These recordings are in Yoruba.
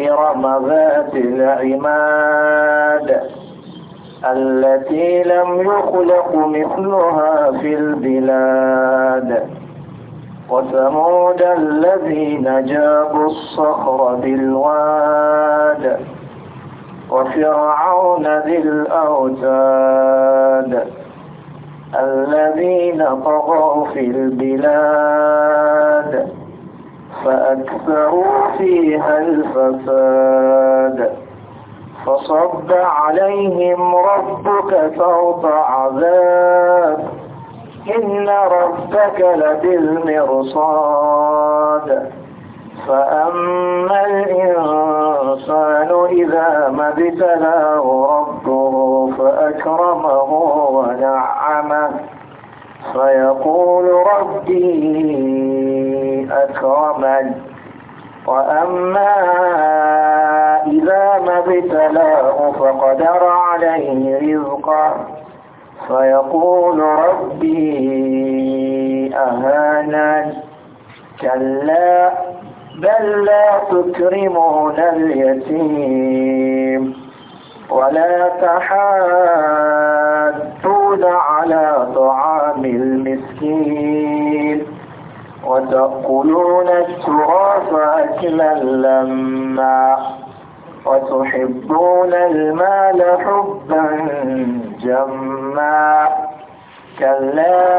إرم ذات العماد التي لم يخلق مثلها في البلاد وثمود الذين جابوا الصخر بالواد وفرعون ذي الأوتاد الذين طغوا في البلاد فأكثروا فيها الفساد فصب عليهم ربك فوق عذاب إن ربك لبالمرصاد فأما الإنسان إذا ما ابتلاه ربه فأكرمه ونعمه فيقول ربي أكرمن وأما إذا ما ابتلاه فقدر عليه رزقه فيقول ربي أهانن كلا بل لا تكرمون اليتيم ولا تحاجون تحرصون على طعام المسكين وتأكلون التراث أكلا لما وتحبون المال حبا جما كلا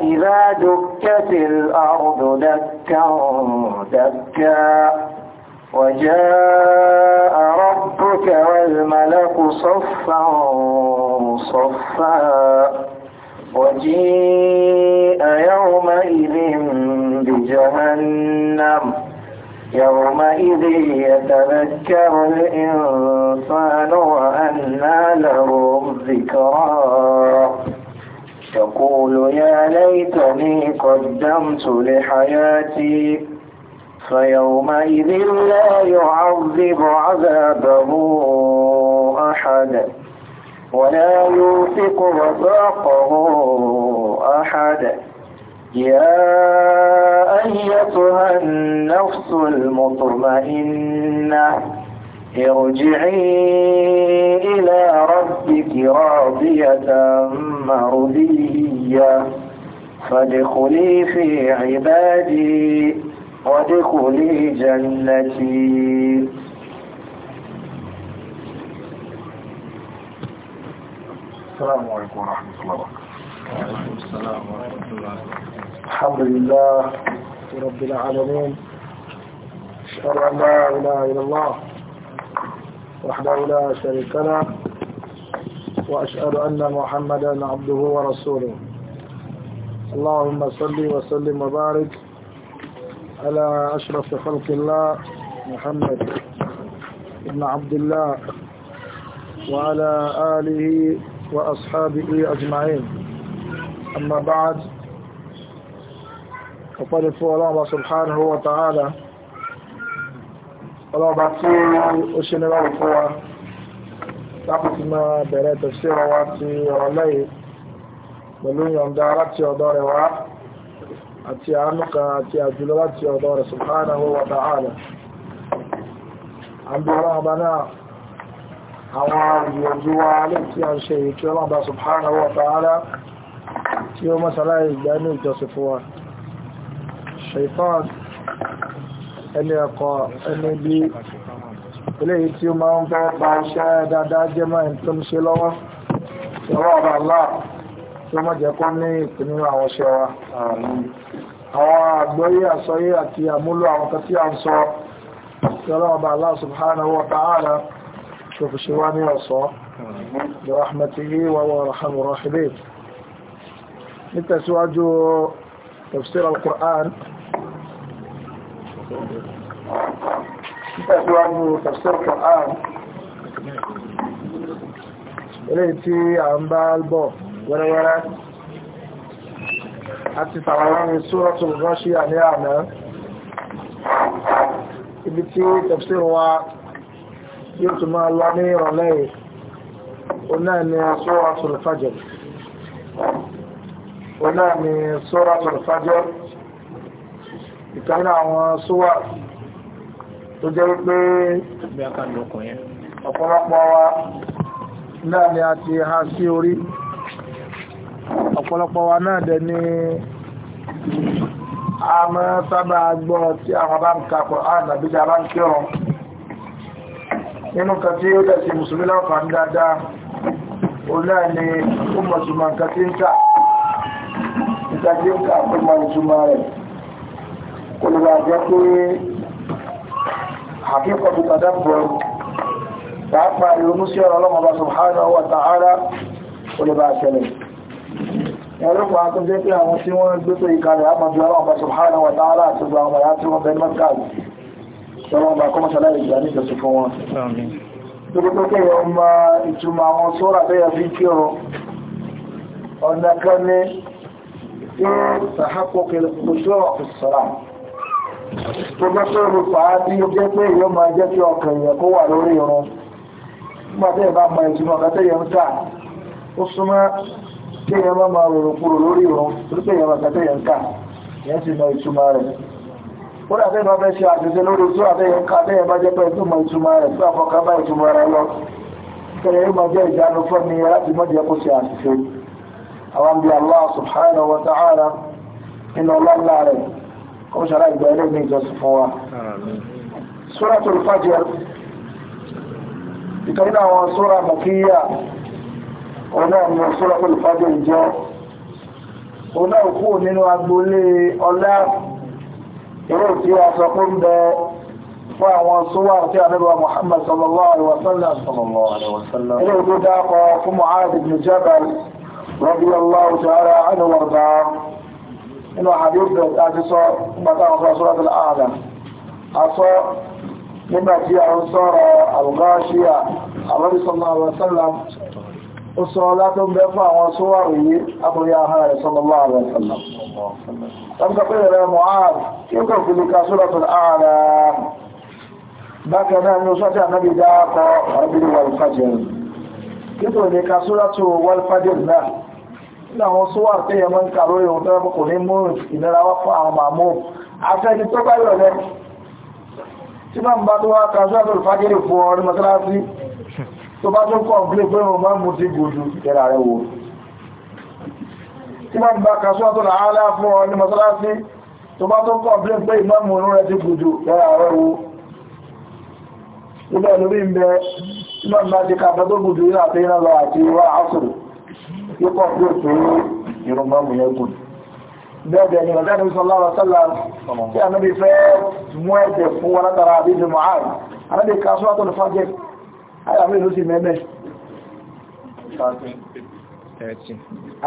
إذا دكت الأرض دكا دكا وجاء ربك والملك صفا صفا وجيء يومئذ بجهنم يومئذ يتذكر الإنسان وأنى له الذكرى يقول يا ليتني قدمت لحياتي فيومئذ لا يعذب عذابه أحد ولا يوثق وثاقه أحد يا أيتها النفس المطمئنة ارجعي إلى ربك راضية مرضية فادخلي في عبادي وادخلي جنتي السلام عليكم ورحمة الله وبركاته السلام ورحمة الله وبركاته الحمد لله رب العالمين أشهد أن لا إله إلا الله وحده لا شريك له وأشهد أن محمدا عبده ورسوله اللهم صل وسلم وبارك على أشرف خلق الله محمد بن عبد الله وعلى آله وأصحابه أجمعين أما بعد فقد الله سبحانه وتعالى ọlọ́ọ̀bá tí ó ṣe ní lọ́wọ́ fún wa láti ti máa bẹ̀rẹ̀ tẹ̀síra wa ti ọ̀rọ̀ lẹ́yìn pẹ̀lú ìyọ̀ǹda láti ọ̀dọ̀ rẹ̀ wá àti àánúkà àti àjùlọ láti ọ̀dọ̀ rẹ̀ subhanahu wa ta'ala àbúrò ọba náà àwọn ìyànjú wa alẹ́ tí a ń ṣe ìkí ọlọ́ba subhanahu wa ta'ala tí ó mọ́sàláì ìgbà ní ìjọsìn fún wa ṣaitán ẹni tí wọ́n jẹ́ kọ́ ní ìpín nínú àwọn ṣe wa àwọn àgbọ́yé àsọyé àti àmúlò àwọn kan tí a ń sọ ìjọlọ́ọ̀bà Allah subhanahu wa ta'ala ṣòfìṣẹ́ wá ní ọ̀sọ́ rahmatihi ilé tí a ń bá albọ̀ wẹ́rẹ́wẹ́rẹ́ àti tàwàrán suratul Ghashiya ní àná ibi tí tafsir wa yóò tún máa lọ ní ìrọ̀lẹ́ ọ̀nà ni suratul Fajr ọ̀nà ni tó jẹ́ wípé ọ̀pọ̀lọpọ̀ wa náà ni a ti há sí orí ọ̀pọ̀lọpọ̀ wa náà dẹ̀ ni a máa sábà gbọ́ tí àwọn bá ń ka Kùránì àbí bá ń kírun nínú kan tí ó dẹ̀ sí mùsùlùmí lọ́kàn dáadáa ọlá ni ó mọ̀túnmọ̀ nǹkan tí ń kà nígbà tí ń kà fún ma ìtumọ̀ rẹ̀ kò lè bàjẹ́ pé àkíkọ̀ subhanahu wa ta'ala kò lè ẹ̀rọ̀pọ̀ akọ́jẹ́ pé àwọn tí wọ́n gbé tó ìkàrẹ̀ àpàdé ọlọ́ọ̀bá subhanahu wa ta'ala àti ọgbà ọmọ ya tí wọ́n bẹ mọ́kà ọlọ́ọ̀bá kọmọ́sálá ìgbà ní ìjọsí fún wọn torípẹ́kẹ́ yọ ma ìtumọ̀ àwọn sóra bẹ́yà fi kí ọ ọ̀nà kan ní tí sàhápọ̀kẹ́ lọ́sọ́ ọ̀fẹ́sọ́ra tó bá sọ́rọ̀ pàá bí ó jẹ́ pé kéèyàn má máa rọrùn kúrò lórí ìrun tó kéèyàn máa tẹ́yàn ká yẹn sì mọ ìtumọ̀ rẹ̀ ó dà fẹ́ẹ̀ máa lori zuwa àṣẹṣe yanka zai àtẹ́yàn ká tẹ́yàn bá jẹ́ pé tó mọ ìtumọ̀ rẹ̀ tó àfọkà bá ìtumọ̀ rẹ̀ lọ kẹrẹ yóò máa jẹ́ ya fún mi láti mọ́ jẹ́ Allah subhanahu wa ta'ala nínú ọlọ́lá rẹ̀ kó Suratul Fajr sura Makiyya ọlọ́ọ̀nà sọ́lọ́pọ̀ ìfàjọ ìjọ ọ̀nà òkú nínú agbolé ọlá ìrò tí a sọ pé ń bẹ fún àwọn sówà tí a nígbà Muhammad sallallahu alaihi wasallam ilé tó dákọ̀ fún Mu'adh ibn Jabal radiyallahu ta'ala anhu warda inú hadith da ta ti sọ nígbàtà àwọn suratul àwọn sọ̀rọ̀ ó sọ ọlá tó ń bẹ fún àwọn sówà òye akọ̀yà ara rẹ̀ sallallahu alaihi wasallam tàbí pé rẹ̀ Mu'adh kí ó kàn fi lè ka suratul A'la bákan náà ní oṣù àti ànábì dáàkọ ọ̀rẹ́bìnrin wal-fajr kí tó lè ka suratul àwọn sówà pé yẹ mọ́ ń kàró ìhun tó rẹ̀ ní mú ìnira wá fún àwọn màmú afẹ́ni tó bá yọ̀ lẹ́ tí máa ń bá tó wá ka suratul fajr fún ọ tó bá tó kọ̀ gbé pé wọn máa mú sí gùdù tẹ́ra rẹ̀ wò tí wọ́n bá kàṣọ́ tó làálá fún ọ ní mọ́sálásí tó bá tó kọ̀ gbé pé ìmọ́mù inú rẹ̀ sí gùdù tẹ́ra rẹ̀ wò ilé ẹlòmí ń bẹ iná ńlá ti kàfẹ́ tó gùdù ilé àti iná lọ àti ìwà àásùrù yóò kọ̀ gbé pé ìrùn mọ́mù yẹn gùdù bẹ́ẹ̀ ni ọ̀dá níbi a níbi fẹ́ mú ẹ̀jẹ̀ àyà mí ló sì mẹ́mẹ́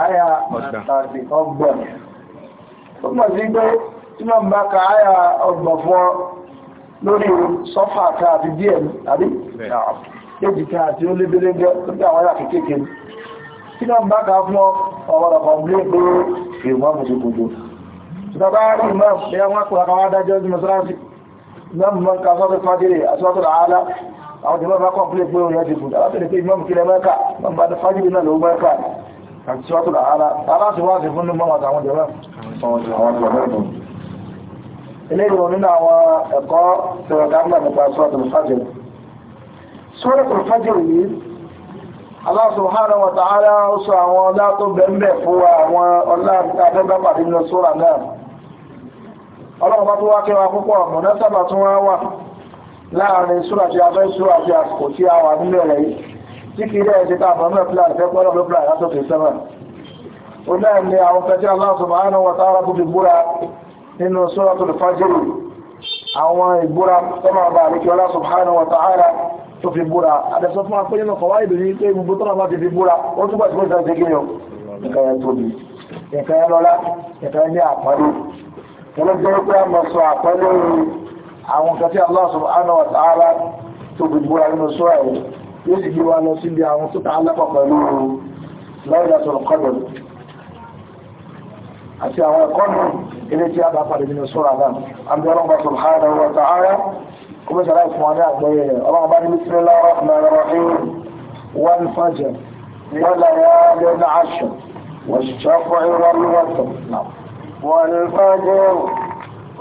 àyà ọgbọ̀n ó mọ̀ sí pé iná ń bá ka àyà ọgbọ̀n fún ọ lórí sọ́fà ká àti díẹ̀ àbí kéjì ká àti ó lébélé gẹ́ tó bí àwọn àyà kékèké kí náà ń bá ka fún ọ̀rọ̀ kọ̀m̀lé pé èèwọ̀n mọ̀ sí gbogbo ìjọba rí mọ́ bí wọ́n kò àkàwà dájọ́ sí mọ́sánásí náà mọ́ ká sọ́fẹ́ fàdírí àti sọ́tọ̀ àálá àwọn jẹmọ́ bá kọ́pílẹ̀ pé orin ẹ̀dìkù alábẹ̀rẹ̀ pé imam kílẹ̀ mẹ́ka wọ́n bá fájìlì náà ló mẹ́ka àti ṣọ́tù ààrá aláṣíwáṣí fún nímọ̀ àtàwọn jẹmọ́ eléyìí nínú àwọn ẹ̀kọ́ tẹ̀rọ dáńgbà nípa ṣọ́tù fájìlì ṣọ́tù fájìlì yìí Allah subhanahu wa ta'ala ó sọ àwọn ọlá tó bẹ̀m̀bẹ̀ fún àwọn ọlá àtẹ́gbàpàdé nínú sóra náà ọlọ́run bá tó wá kẹwàá púpọ̀ mọ̀nẹ́sàbà tún wá wà láàrin súra tí a fẹ́ súra tí a kò tí a wà nílẹ̀ rẹ̀ yìí tí kì í dẹ̀ ṣe káàmù ọmọ ìpìlẹ̀ àti ẹ̀kọ́ ọ̀rọ̀ ìpìlẹ̀ látòkè sẹ́mà ó náà ni àwọn fẹ́ tí Allah subhanahu wa ta'ala tó fi búra nínú súra tó Fajr àwọn ìbúra tọ́mà bá àríkí Allah subhanahu wa ta'ala tó fi búra àdẹ̀sọ fún apẹ́ nínú kọ̀wá ìdò yìí pé gbogbo fi búra ó túbọ̀ tí àwọn kan tí Allah subhanahu wa ta'ala tó gbogbo ara nínú sọ́rọ̀ ẹ̀ yóò sì gbé wa lọ síbi àwọn tó ta alápọ̀ pẹ̀lú Laylatul Qadr àti àwọn ẹ̀kọ́ nù ilé tí a bá padà nínú sọ́rọ̀ náà àbí ọlọ́mọ subhanahu wa ta'ala kó mẹ́ta láì fún wa ní àgbẹ̀yẹ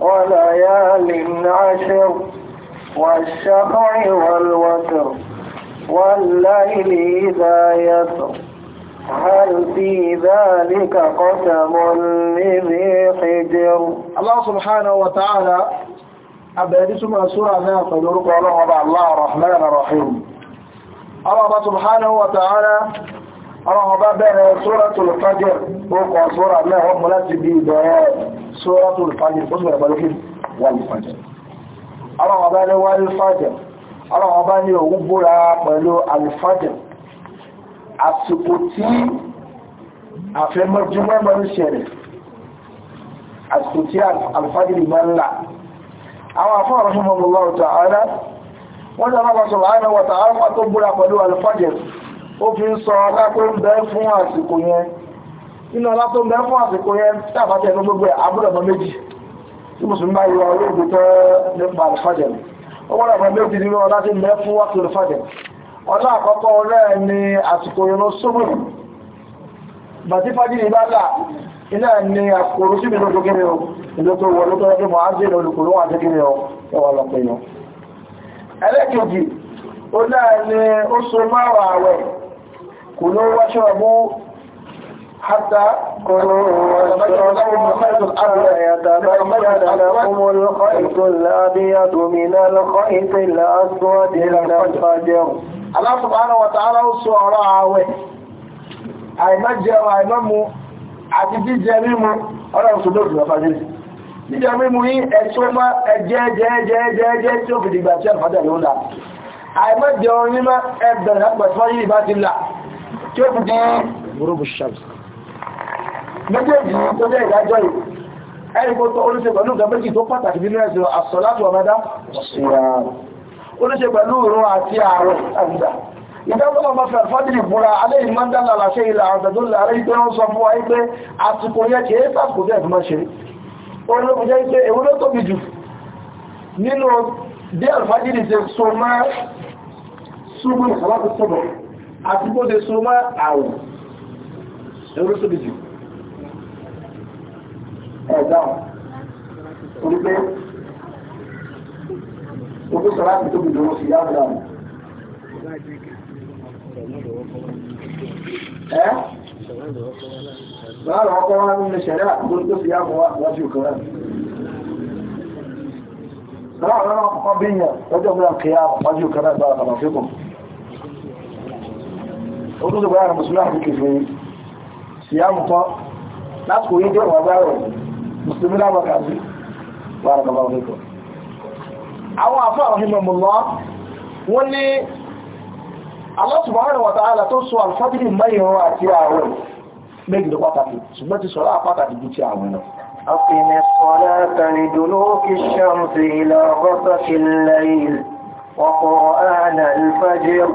وليال عشر والشفع والوتر والليل إذا يسر هل في ذلك قسم لذي حجر الله سبحانه وتعالى أبدأت من سورة ناقة يرقى الله الله الرحمن الرحيم الله سبحانه وتعالى ọlọ́run bá bẹ̀rẹ̀ suratul fajr ó kọ sóra náà wọ́n mú láti bí ìbẹ̀rẹ̀ suratul fajr ó sọ̀rọ̀ pẹ̀lú kí wal fajr ọlọ́run bá ní wal fajr ọlọ́run bá ní òun búra pẹ̀lú al fajr àsìkò tí àfẹ́mọ́júmọ́ mọ́ ń ṣẹlẹ̀ àsìkò wọ́n tó búra pẹ̀lú al ó fi ń sọ ọlá pé ń bẹ fún àsìkò yẹn nínú ọlá tó ń bẹ fún àsìkò yẹn tí àbájẹ́ ló gbogbo ẹ̀ abúlé ọmọ méjì tí mùsùlùmí bá yọ ọlọ́ ògbó tẹ́ nípa àlùfájẹ̀ ó wọ́n ọmọ méjì nínú ọlá tí ń bẹ fún wákìlì àlùfájẹ̀ ọlá àkọ́kọ́ ọlẹ́ ni àsìkò yẹn ló súnmù bàtí fájìlì bá là iná ni àsìkò orúsí mi lójú kéré o ìlú tó wọ lójú ọjọ́ mọ̀ á jẹ́ olùkòrò wà jẹ́ kéré o ẹwà lọ́pẹ̀ yọ ẹlẹ́kẹ̀ẹ́jì ó náà ni ó so márùn-ún àwẹ̀ كلوا واشربوا حتى يتبين لكم الخيط الأبيض من الخيط الأسود من الفجر الله سبحانه وتعالى sọ ọ̀rọ̀ ààwẹ̀ àìmọ́jẹun àìmọ́mu àti jíjẹ mímu ọlọ́run sọ lóòrùn ọ̀fàjẹ́ jíjẹ mímu yí ẹ̀ṣọ́ mọ́ ẹjẹ́ jẹ́jẹ́jẹ́ tí ó fìdìgbà tí àfàjẹ́ ló ń là àìmọ́jẹun yí mọ́ ẹgbẹ̀rẹ̀ tí ó fi di gúrúbù ṣàbùsù méjèèjì tó jẹ́ ìdájọ́ yìí ẹni kó tó olóṣe pẹ̀lú nǹkan méjì tó pàtàkì nínú ẹ̀sìn àsọ̀látù ọmọdá olóṣe pẹ̀lú ìrún àti ààrọ̀ àgbà ìdábọ́lọ̀ bá fẹ́ fọ́dìrì búra aléyìn mọ́ndánà làṣẹ ilẹ̀ àrùntàdólà rẹ̀ pé wọ́n sọ fún wa pé àsìkò yẹ kìí sàkò jẹ́ ìfúnmọ́ ṣe olóògùn jẹ́ pé èwo ló tóbi jù nínú bí àlùfájìrì ṣe so mọ́ ṣúgbọ́n ìsàlákùn sọ́bọ̀ àti bó ṣe so mọ́ àwọ̀ ẹ̀rọ sóbi jù ẹ̀dá orípẹ́ ogún sọ láti tóbi lọ́wọ́ sí yá ọ̀dà ẹ́ Báàrọ̀ ọkọ̀ wọn ní ilé ṣẹ̀rẹ́ àkùgbò tó fi yá wọn wájú òkè rẹ̀. Báàrọ̀ ọkọ̀ bí yàn lọ́jọ́ mìíràn kìí àwọn wájú òkè rẹ̀ bára kàmà ó tún ṣe bọ́yá mùsùlùmí àti kèfèrè síyámù kọ́ láti kò yí dé wà báyọ̀ mùsùlùmí lábọ̀ kàbí wà rẹ̀ bàbá òfin kọ́ àwọn àfọ́ àwọn ìmọ̀ mọ̀lọ́ wọ́n ní Allah subhanahu wa ta'ala tó sọ alfajiri mẹ́yìnrún àti ààwẹ̀ méjì ló pàtàkì ṣùgbọ́n ti sọ̀rọ̀ àpàtàkì jù ti ààwẹ̀ náà أقم الصلاة لدلوك الشمس إلى غسق الليل وقرآن الفجر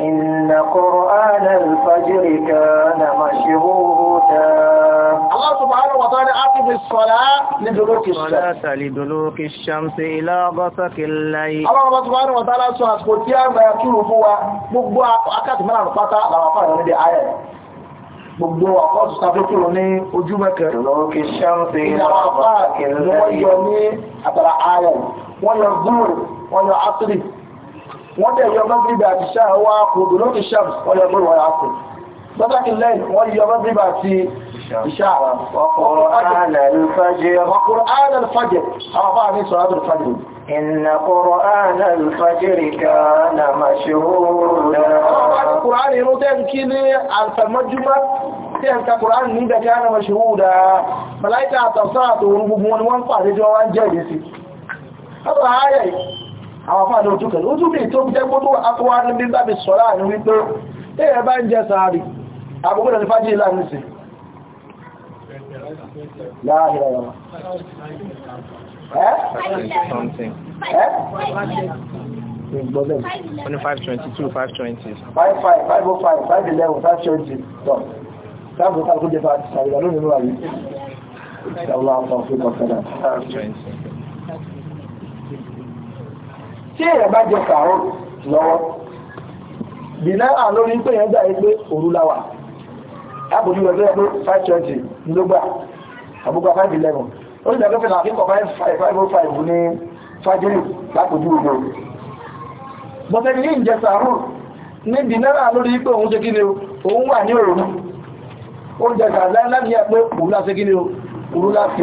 إن قرآن الفجر كان مشهودا الله سبحانه وتعالى أقم الصلاة لدلوك الشمس صلاة لدلوك الشمس إلى غسق الليل الله سبحانه وتعالى سوى أسكوتيا ما يكون فوا gbogbo akẹ́kọ̀ọ́ mẹ́rin pátá làwọn afáàrẹ̀ níbi ayẹ̀ gbogbo àkọ́sù sàfẹ́kùrù wọ́n dẹ̀ yọ mọ́gbígbà àti ṣáàwá kòdò lórí ṣàbùs wọ́n yọ mọ́rọ̀ àpò sọ́dákì lẹ́yìn wọ́n yọ mọ́gbígbà àti ìṣáàwá ọkùnrin alẹ́lẹ́fàjẹ́ ọkùnrin ní sọ adùnfàjẹ́ إن قرآن الفجر كان مشهودا القرآن ينتهي كده الفمجمة تهكى القرآن نيدا كان مشهودا ملايكة التصاعد وربما وانفع لجوان جالسي هذا آية àwọn afáàdé ojú kẹ̀lú ojú mi tó jẹ́ gbogbo akọwà ní bí bábi sọ́lá ní wípé ẹ̀yẹ bá ń jẹ sàárì àgbogbo ní fájì ìlànà sí Sáàbùn oh kálùkú jẹ́ fàájì sàárì lónìí lórí. Ìṣàlá àwọn ọ̀fẹ́ kọ̀ọ̀kẹ́ náà. tí èèyàn bá jẹ kàárọ̀ lọ́wọ́ bìnà àlórí pé èèyàn gbà pé òru láwà lábòjú rẹ̀ tó five twenty nílógbà àbúgbà five eleven ó sì dàgbé five five oh five ní ní ìjẹ ní àlórí pé òun ṣe kí ni òun wà ní òru láti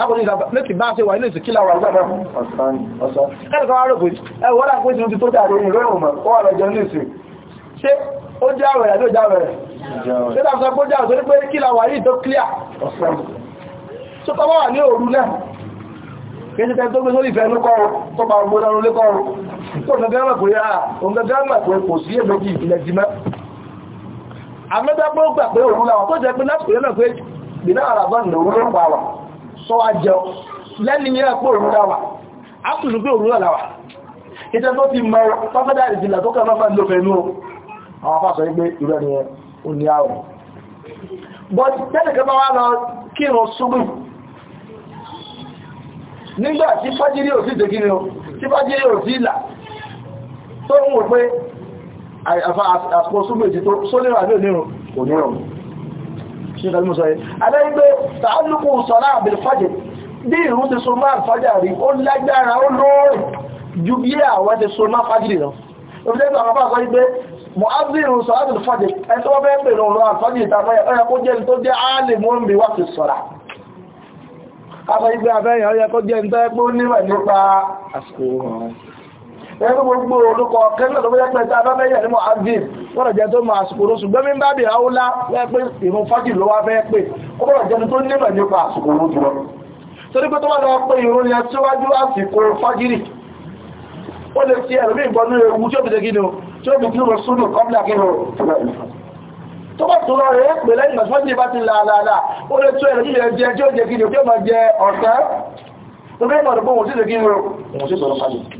lákòóní ìgbà lẹ́kì bá ṣe wà ilé ìsìnkí láwà ìgbàgbà ọ̀sán ọ̀sán ẹ̀rọ̀kọ́ arọ́gbò ẹ̀wọ́n lápé tí ó ti tó dàrí ìrọ̀ ìrọ̀mọ̀ ó wà lọ́jọ́ ní ìsìn ṣe ó jẹ́ àwẹ̀rẹ̀ àjọ́ ìjáwẹ̀rẹ̀ ṣe tàbí sọ pé ó jẹ́ àwẹ̀rẹ̀ pé kí láwà yìí tó clear ọ̀sán tó tọ́wọ́ wà ní òru náà kéjì tẹ́ tó gbé sórí ìfẹ́ lókọ́ tó bá gbó lọ́rún lókọ́ tó gẹ́gẹ́ mọ̀ pé à ah, òun gẹ́gẹ́ mọ̀ pé kò sí èméjì ìpìlẹ̀ jimá àmẹ́gbẹ́gbẹ́ ó gbà pé òun láwọn tó jẹ́ pé láti pè lọ́nà pé gbìnà àràbọ̀ ìlú ló ń pa wà sọ wá jẹun lẹ́ni yẹ́ pò òun dáwà á kùsù pé òun lọ́láwà ìtẹ́ tó ti mọ pọ́fẹ́dà ìdìlà tó kẹ́ mọ́fẹ́ ló fẹ́nu àwọn afáṣọ wípé ìrọ̀ ni ó ní àrùn but tẹ́lẹ̀kẹ́ bá wá lọ kírun ṣúgbù nígbà tí fájírí ò sí ìdèkíni o tí fájírí ò sí ìlà tó ń wò pé àfà àsìkò ṣúgbù èjì tó sólérà ní onírùn onírùn ṣe kalmù sọ yẹ adáyígbé tààlùkù sọ́lá àbìlfàjẹ̀ bí ìrún ti so máa fàjẹ̀ rí ó lágbára ó lóòrè ju bí àwọn ti so máa fàjẹ̀ lọ òfin àwọn bá sọ wípé mọ̀ázìrún sọ́lá àbìlfàjẹ̀ ẹni tó bẹ́ẹ̀ pẹ̀lú ọ̀rọ̀ àfàjẹ̀ ìtàfẹ́ ẹ̀kọ́ kó jẹ́ tó jẹ́ áàlè mọ́ ẹgbẹ́ gbogbo olùkọ kẹ́lẹ̀ lọ́wọ́ yẹ́pẹ́ tí a bá mẹ́yẹ̀ ní mohamed wọ́n jẹ́ tó máa sùkò lóṣù gbẹ́mí bá bèèrè áúlá lẹ́pẹ́ ìrún fájì ló wá fẹ́ pé ó bọ̀rọ̀ jẹ́ tó nímọ̀ nípa àsìkò lóṣù lọ torí pé tó wá lọ pé ìrún yẹn síwájú àsìkò fájìrì ó lè fi ẹ̀rọ ìbọn ní ewu tí ó fi dégí ni tí ó fi kí lọ súnù kọ́mílà kí lọ tó bá tó lọ rẹ̀ é pè lẹ́yìn ìgbàsíwájú bá ti làálàálà ó lè tó ẹ̀rọ ìyẹn jẹ tí ó jẹ kí ni ó jẹ ọ̀sán tó bẹ́ẹ̀ mọ̀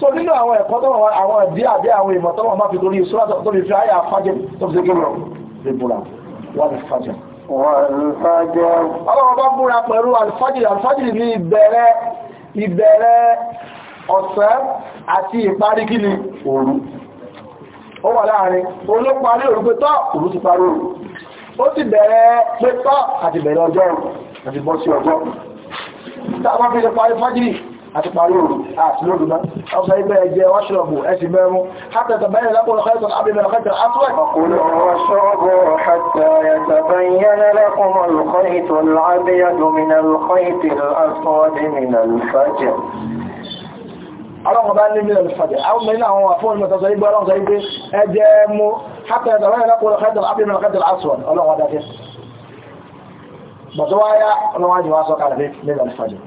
so nínú àwọn ẹ̀kọ́ tó wọ́n àwọn ìdí àbí àwọn ìmọ̀ tó wọ́n máa fi torí ìṣúra tó fi fi ayé àfájẹ́ tó fi gbé lọ fi búra wọ́n lè fàjẹ́ ọlọ́wọ́ bá búra pẹ̀lú alfájìrì alfájìrì ní ìbẹ̀rẹ̀ ìbẹ̀rẹ̀ ọ̀sẹ̀ àti ìparí kí ni òru ó wà láàrin olóparí òru pé tọ́ òru ti parí òru ó sì bẹ̀rẹ̀ pé tọ́ àti bẹ̀rẹ̀ ọjọ́ àti bọ́ sí ọjọ́ àti pàlóòrù àtìlóòrùmá ọ̀sọ̀ ibẹ̀ ẹ̀jẹ̀ wáṣọ́ọ̀bù ẹ̀sì mẹ́rún hátẹ̀tẹ̀bẹ̀yẹ̀ lápòrò kẹ́ẹ̀tọ̀ àbìnrin ọ̀kẹ́tẹ̀ àtúwẹ̀ ọkùnrin wáṣọ́ọ̀bù حتى لكم الخيط العبيد من الخيط الأسود من الفجر ọlọ́run bá ní mílẹ̀ ìfàdé àwọn mẹ́rin àwọn àfọ́nì mẹ́tọ̀sọ̀ igbó ọlọ́run sọ igbé ẹjẹ́ mú hátẹ̀ẹ̀dẹ̀ rẹ̀ lápòrò kẹ́tẹ̀lá àbìnrin kẹ́tẹ̀lá aswọ̀n ọlọ́run adájẹ́ bọ̀tọ́wáyá ọlọ́run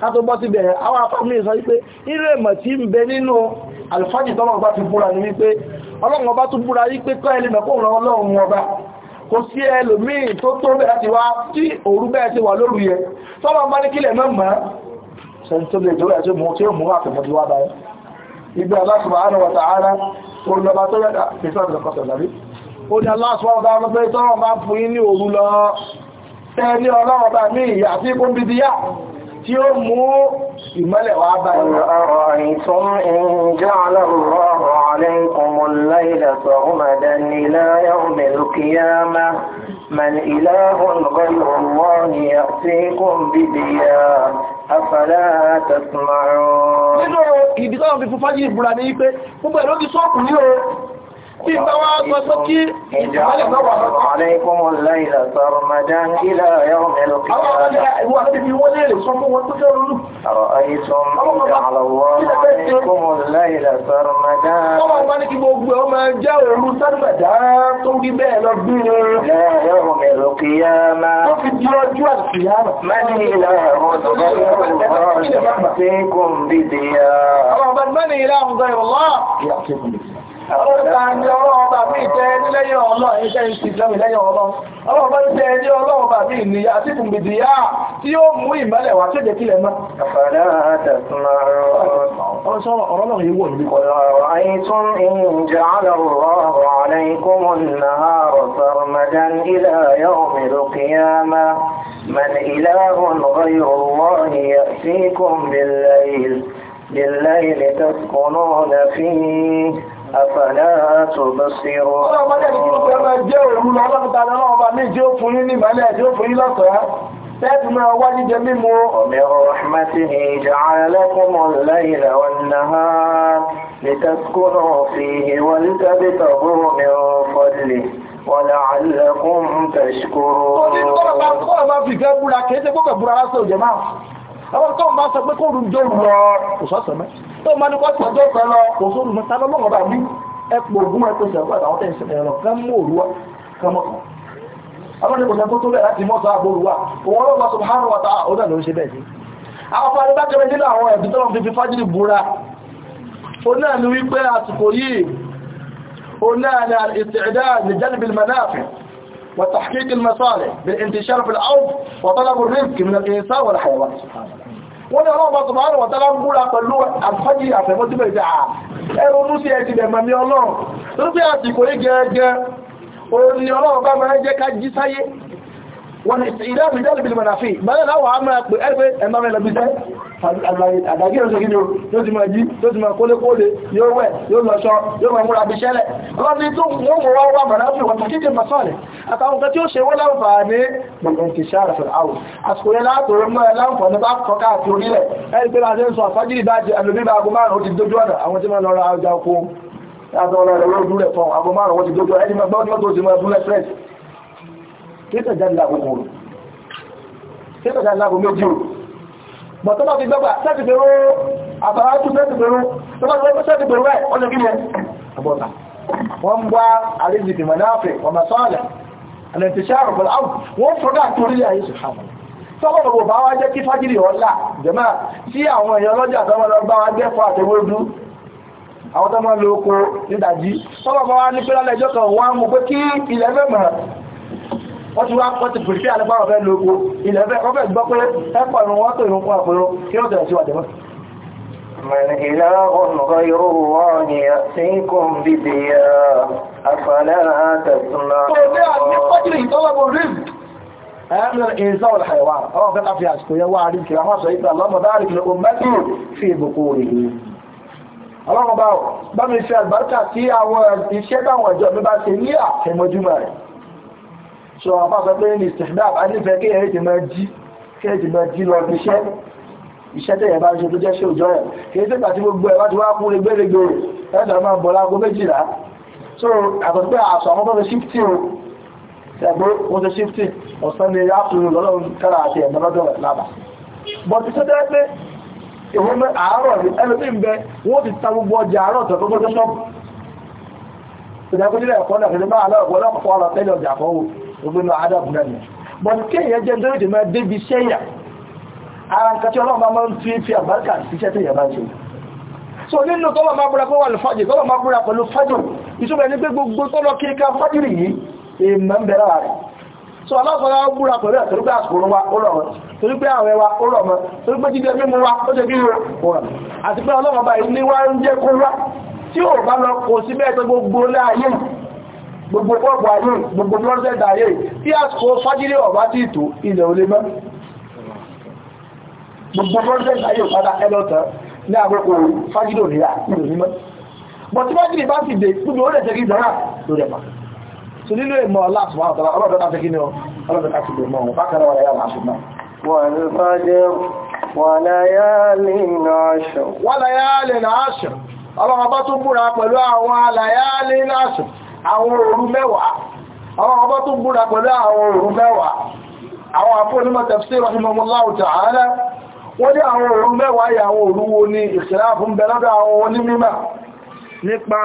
kátó bọ́ ti bẹ̀rẹ̀ àwọn afọ́mí sọ wípé irú èmọ̀ tí ń bẹ nínú alifájì tọ́lọ́gbà ti búra ní wípé ọlọ́run ọba tún búra wípé kọ́ ẹni mẹ́kún ọlọ́run ọba kò sí ẹlòmíì tó tó bẹ̀rẹ̀ ti wá tí òru bẹ́ẹ̀ ti wà lóru yẹ tọ́lọ́ bá ní kílẹ̀ mọ́mọ́ sẹ́ni tó lè dóra tí ó mú àfẹ́mọ́ ti wá báyẹ̀ ibi Allah subhanahu wa ta'ala olùlọba tó yẹ́dà pẹ̀sẹ̀ àbìlọ̀kọ́sọ̀ tàbí tí ó mú ìmọ́lẹ̀ wá bá ní ọ̀rọ̀ ìtún ìjọ́ aláwọ̀ من إله غير الله يأتيكم بديان أفلا تسمعون. Nínú ibi táwọn fún fájì ìbúra ní wípé, gbogbo ẹ̀rọ ti sọ́ọ̀kù ní o, عليكم الليل سرمدا إلى يوم القيامة أرأيتم جعل الله عليكم الليل سرمدا إلى يوم القيامة من إله غير الله يأتيكم بديار من إله غير الله يأتيكم بديار Ọ̀gá ni ọlọ́run bá bí ìtẹ́ ní lẹ́yìn ọlọ́run, iṣẹ́ ìsìnkú lẹ́yìn ọlọ́run. Ọlọ́run bá ń tẹ́ ní ọlọ́run bá bí ìní àti fùnbìdì yá tí ó mú ìmọ́lẹ̀ wá tí ó jẹ́ kílẹ̀ mọ́. Ọ̀rọ̀ náà yíwọ̀ ní kọjá. أرأيتم إن جعل الله عليكم النهار سرمدا إلى يوم القيامة من إله غير الله يأتيكم بالليل بالليل تسكنون فيه Àfàdá tó bá sí rọ́. Ọlọ́pàá ní kí ó fẹ́ máa jẹ́ òun lọ lọ́pàá náà ọba ní jẹ́ òfin ní ìmọ̀lẹ̀ jẹ́ òfin lọ́pàá. Tẹ́ẹ̀tù máa wá jíjẹ mímu. Ọ̀mẹ́ ọ̀rọ̀hìmátì àwọn tó ń bá sọ pé kó rùn jẹ́ lọ kò sọ́sọ̀ mẹ́ tó máa ní wọ́n ti ọjọ́ kan lọ kò sórùn mẹ́ta lọ́wọ́ bá bí ẹpò ògún ẹpò ìṣẹ̀kọ́ àwọn tẹ̀ ìṣẹ̀lẹ̀ ẹ̀rọ kan mú òrùwá kan mọ́kàn àwọn ní kò sẹ́ wọ́n ní ọlọ́run bá sọ̀rọ̀ àwọn ọ̀tá láń búra pẹ̀lú àfọ́jì àfẹ́mọ́síbẹ̀ ìjà ẹ̀rọ ní sí ẹ̀jì lẹ̀mọ̀ mi ọlọ́run tó fi àsìkò yí gẹ́gẹ́ òun ni ọlọ́run bá máa jẹ́ ká jí sáyé wọ́n ní ìdáàbìdálìbìlì mọ̀nàfí àdàgí ìrọ̀sẹ̀ gíní o yóò ti máa jí yóò ti máa kólé kólé yóò wẹ̀ yóò lọ ṣọ yóò máa múra bí ṣẹlẹ̀ ọlọ́dún tó wọ́n mọ̀ wá wá bàrá fún ìwọ̀n kéèké masọ́ọ̀lẹ̀ àtàwọn nǹkan tí ó ṣe wọ́n láǹfààní gbogbo ti ṣára fún àwọn rẹ̀ fún aago bọ̀ tó bá fi gbọ́gbà sẹ́tì gbèrò àbára tún sẹ́tì gbèrò tó bá gbọ́gbà sẹ́tì gbèrò rẹ̀ ọjọ́ kí ni ẹ àbọ̀ta wọ́n ń wá àríjìkì mọ̀náfẹ́ ọmọ sọ́ọ̀lẹ̀ alẹ́ntìṣàrọ̀ pẹ̀lú àwọn wọ́n fọ́gá torí ayé sùhánà sọ́wọ́n gbogbo bá wá jẹ́ kí fájìrì ọ̀la jẹ́mà tí àwọn èèyàn lọ́jà tọ́wọ́ lọ bá wá jẹ́ fún àtẹwọ́dú àwọn tọ́mọ́ lóko nídàjí sọ́wọ́n bá wá ní pé lálẹ́ ìjọ kan wọ́n á mú pé kí ilẹ̀ mẹ́mọ̀ wọ́n ti wá wọ́n ti pèsè alẹ́gbàwọ̀ fẹ́ lóko ilẹ̀ fẹ́ ọfẹ́ gbọ́ pé ẹ́pọ̀ ìrún wọ́n tó ìrún fún àpẹrọ kí ó tẹ̀lẹ̀ síwájẹ̀ mọ́ من إله غير الله يأتيكم بدياء أفلا تسمعون أمر الإنسان والحيوان أو في الأفياس كي يوعد كلام سيد اللهم بارك لأمتي في بقوله اللهم بارك بمن الشيء البركة في أول الشيء ده وجه بباسيليا في مجمعه so àwọn afẹ́ pé ní istihdab a nífẹ̀ẹ́ kí ẹ̀rẹ́ ti máa jí kí ẹ̀rẹ́ ti máa jí lọ fi iṣẹ́ iṣẹ́ tẹ̀yẹ̀ bá ń ṣe tó jẹ́ ṣe òjò ẹ̀ kì í tẹ́gbà tí gbogbo ẹ̀ bá ti wá kú lẹ́gbẹ̀rẹ̀gbẹ̀ ẹ̀dà máa bọ̀ lágbo méjìlá so àtọ̀tọ̀ àṣọ àwọn tó ti ṣíftì ìdákúnlẹ̀ ẹ̀kọ́ náà fẹ́lẹ́ máa lọ́pọ̀ ọlọ́pọ̀ ọ̀rọ̀ tẹ́lẹ̀ ọjà fọ́wọ́ ògbónà adọ́bù náà bọ̀n kí èyàn jẹ́ ìdóòjì máa débi sẹ́yà ara nǹkan tí ọlọ́pàá máa ń fi fi àbáríkà síṣẹ́ tẹ́yà bá ṣe so nínú tọ́lọ̀ máa búra pẹ̀lú alfajì tọ́lọ̀ máa búra pẹ̀lú fajì ìṣúbẹ̀ ní pé gbogbo tọ́lọ̀ kíríkà fajì yìí èèmọ̀ ń bẹ̀rẹ̀ rẹ̀ so aláfọlá búra pẹ̀lú ẹ̀ torí pé àsìkò wa ó rọ̀ mọ́ torí pé àwẹ̀ wa ó rọ̀ mọ́ torí pé jíjẹ mímu wa ó jẹ́ bí rọ̀ àti pé ọlọ́mọba yìí ní wá ń jẹ́ kó rá tí ò bá lọ kò sí bẹ́ẹ̀ tó gbogbo láàyè gbogbo pọ̀pọ̀ ayé gbogbo lọ́rọ̀sẹ̀dà ayé tí a kò fájílé ọ̀bá tí ìtò ilẹ̀ olè mọ́ gbogbo lọ́rọ̀sẹ̀dà ayé padà ẹlọ́tọ̀ ní àgbẹ̀kọ̀ fájílé òní bọ̀ tí fájílé bá sì dé gbogbo ó lẹ̀ tẹ́kí ìdára ló rẹ̀ pa so nílò ìmọ̀ aláàtùmọ̀ àtàrà ọlọ́dọ̀ láti kí ni ọ ọlọ́dọ̀ láti lè mọ̀ wọn bákan náà wà láyà máa ṣe náà wọ́n lè fájẹ́ wà láyà lè náà ṣọ̀ ọlọ́wọ́ bá tó búra pẹ̀lú àwọn alàyálé lásùn àwọn òru mẹ́wàá ọlọ́wọ́ bá tó búra pẹ̀lú àwọn òru mẹ́wàá àwọn àpónímọ̀ tafsir rahimahullahu ta'ala wọ́n ní àwọn òru mẹ́wàá ìyàwó òru wo ni ìṣẹ́láfún bẹ̀lọ́dọ̀ àwọn onímímọ̀ nípa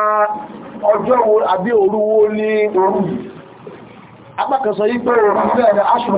ọjọ́ wo àbí òru wo ni òru apákẹsọ yí pé òru mẹ́rin ashru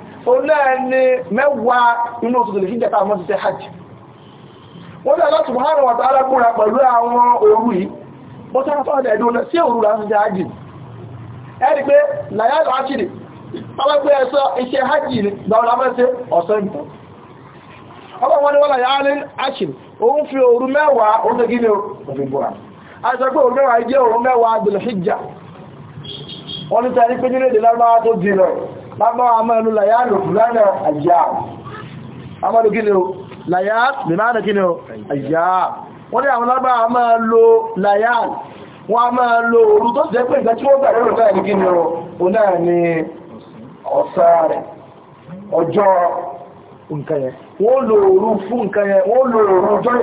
onáàni mẹ́wàá inú oṣù tòlè fíjẹta àmọ́ ti tẹ́ hajj wọ́n tẹ́ aláṣù mọ́hánà wà tààrà búra pẹ̀lú àwọn òru yìí bọ́ tẹ́ fọ́nà ẹ̀dùn ọ̀nà sí òru láti jẹ́ ẹ̀rí pé láyálò wọ́n ni tẹ́ ní pé nílé ìdílárúbáwá tó dì bàbá àmàlù fúlànà àjá àmàlù ni o làyàlù àjá wọ́n ní àwọn lábá àmàlù wọ́n a máa lo òru tó jẹ́ pé ìgbà tí wọ́n rẹ̀ ni o náà ni rẹ̀ ọjọ́ nǹkan yẹn wọ́n lo òru fún nǹkan yẹn wọ́n lo òru ọjọ́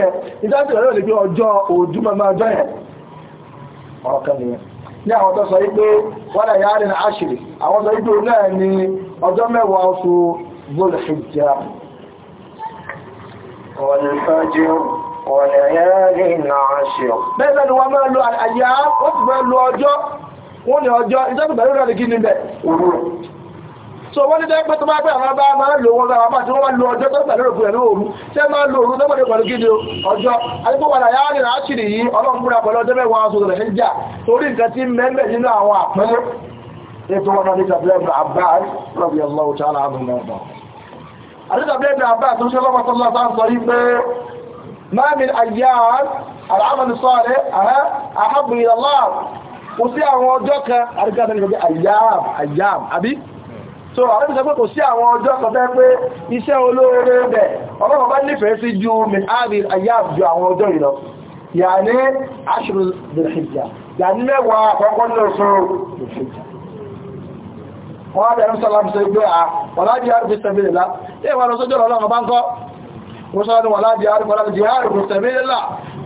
yẹn ní àwọn tó sọ wípé wọ́n yà àṣírí àwọn sọ wípé náà ni ọjọ́ mẹ́wàá oṣù Dhul-Hijjah Bẹ́ẹ̀ ni wọ́n máa lo àyà, wọ́n ti máa lo ọjọ́, wọ́n ni ọjọ́, so wọ́n ní jẹ́ pé tó bá pẹ́ àwọn bá máa ń lò wọn láwọn bá tí wọ́n bá lo ọjọ́ tó pẹ̀lú òkú ẹ̀lú òru tẹ́ máa ń lo òru tọ́pọ̀ pẹ̀lú gidi ọjọ́ adébọ̀wàlà yáà ní láṣìírí yìí ọlọ́run múra pẹ̀lú ọjọ́ mẹ́wàá aṣọ rẹ̀ ń jà torí nǹkan tí mẹ́mẹ́ nínú àwọn àpẹẹrẹ ètò wọn ní jàbẹ́ẹ̀bù Abbas rọ̀bì ọlọ́wọ́ tí a náà nù náà àdíjàbẹ́ẹ̀bù Abbas tó ṣe lọ́wọ́ tọ́lá tán sọ kò sí àwọn ọjọ́ kan àdíjàbẹ́ẹ̀bù àyàm àyàm àbí so àwọn ìṣẹ́ pé kò sí àwọn ọjọ́ kan fẹ́ pé iṣẹ́ olóore bẹ̀ ọlọ́run bá nífẹ̀ẹ́ sí ju min ààrin àyà ju àwọn ọjọ́ ìlọ yàní ashru dhulhijja yàní mẹ́wàá ní oṣù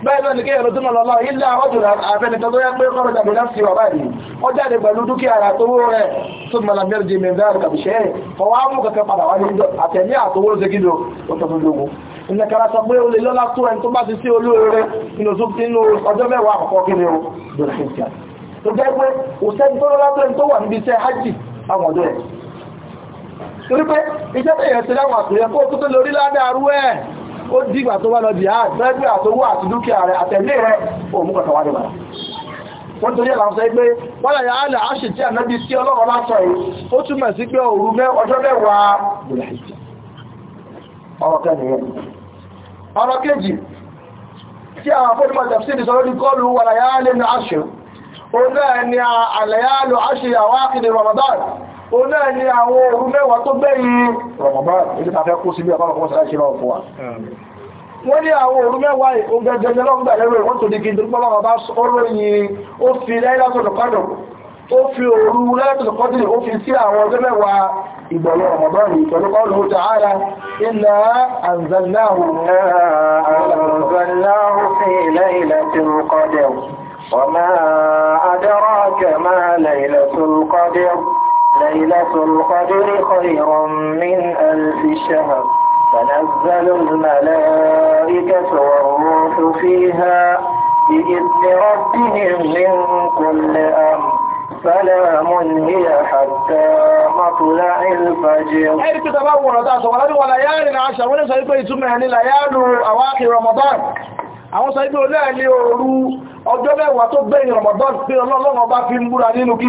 bẹ́ẹ̀ náà ní kí ẹ̀rọ túnmà lọ́lọ́ ilẹ̀ àwọ́dùn àfẹ́nìkan tó yẹ pé kọ́rọ̀ jàbí láti ọ̀bá yìí ó jáde pẹ̀lú dúkìá rà tó wó rẹ̀ tó mọ̀lá mẹ́rin jẹ́ mẹ́rin dára kàbí ṣe é fọwọ́ mú kankan padà wá ní àtẹ̀mí àtọwó ló ṣe kí ló ó tọ́ lógún ilẹ̀ kára sọ pé olè lọ́lá tó ẹni tó bá ti sí olóore nínú ọjọ́ mẹ́wàá àkọ́kọ́ kí ni ó tó jẹ́ pé òṣèlú tó lọ́lá tó ẹni tó wà níbi iṣẹ́ hajj àwọn ọ̀dọ́ ẹ̀ ó dìgbà tó wá lọ di àà tẹ́gbẹ́ àti dúkìá rẹ̀ àtẹ̀lé rẹ̀ òun kọ̀kọ̀ wá dìbàrà wọ́n torí ẹ̀lá ọ̀sẹ̀ pé wọ́n láyé àálẹ̀ àṣì tí ànábi sí ọlọ́run bá yìí ó túmọ̀ sí pé òru mẹ́ ọjọ́ mẹ́wàá òun náà ni àwọn òru mẹ́wàá tó gbẹ̀yìn rọ̀mọ̀bá èdè tàfẹ́ kó sí bí ọba ọkọ̀ sáré ṣíra ọ̀fọ́ wa wọ́n ní àwọn òru mẹ́wàá ìkóhun gẹ́gẹ́ lọ́gbà lẹ́rọ ìwọ́n tó dìgì ìdúrúpọ̀ lọ́wọ́ bá ọ̀rọ̀ yìí ó fi lẹ́yìnlátọ̀dọ̀ kọ́dọ̀ ó fi òru lẹ́yìnlátọ̀dọ̀ kọ́dọ̀ ó fi sí àwọn ọjọ́ mẹ́wàá ìgbọ̀lọ̀ Ramadan pẹ̀lú ọlọ́run ta'ala inna anzalnahu anzalnahu fi laylatil qadr wa ma adraka ma laylatul qadr ليلة القدر خير من ألف شهر تنزل الملائكة والروح فيها بإذن ربهم من كل أمر سلام هي حتى مطلع الفجر ẹ̀rí pẹ̀tà bá wọ̀rọ̀ dáa sọ̀wọ̀ láti wà láyáàrí na aṣà wọ́n ní sọ ipé ìtumẹ̀ ní láyáàrù àwákì Ramadan àwọn sọ ipé olóẹ̀ ní òru ọjọ́ mẹ́wàá tó gbẹ̀yìn Ramadan pé Ọlọ́run bá fi ń múra nínú kí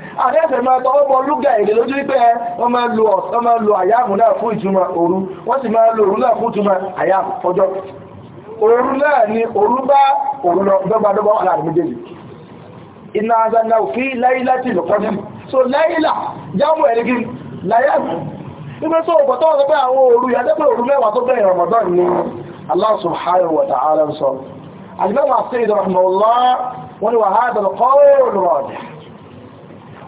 àdẹ́sẹ̀ máa tọwọ́ bọ lúgà èdè lójú wípé wọ́n máa lo ọ̀sán máa lo àyàmù náà fún ìtumọ̀ òru wọ́n sì máa lo òru fún ìtumọ̀ àyàmù ọjọ́ òru náà ni òru bá òru so láìlá jáwọ́ ẹ̀rígí láyàmù nígbé tó ọ̀pọ̀ tó ọ̀sọ̀ Ramadan Allah subhanahu wa ta'ala sọ àti mẹ́wàá sí ìdọ̀rọ̀mọ̀lá wọ́n ni wà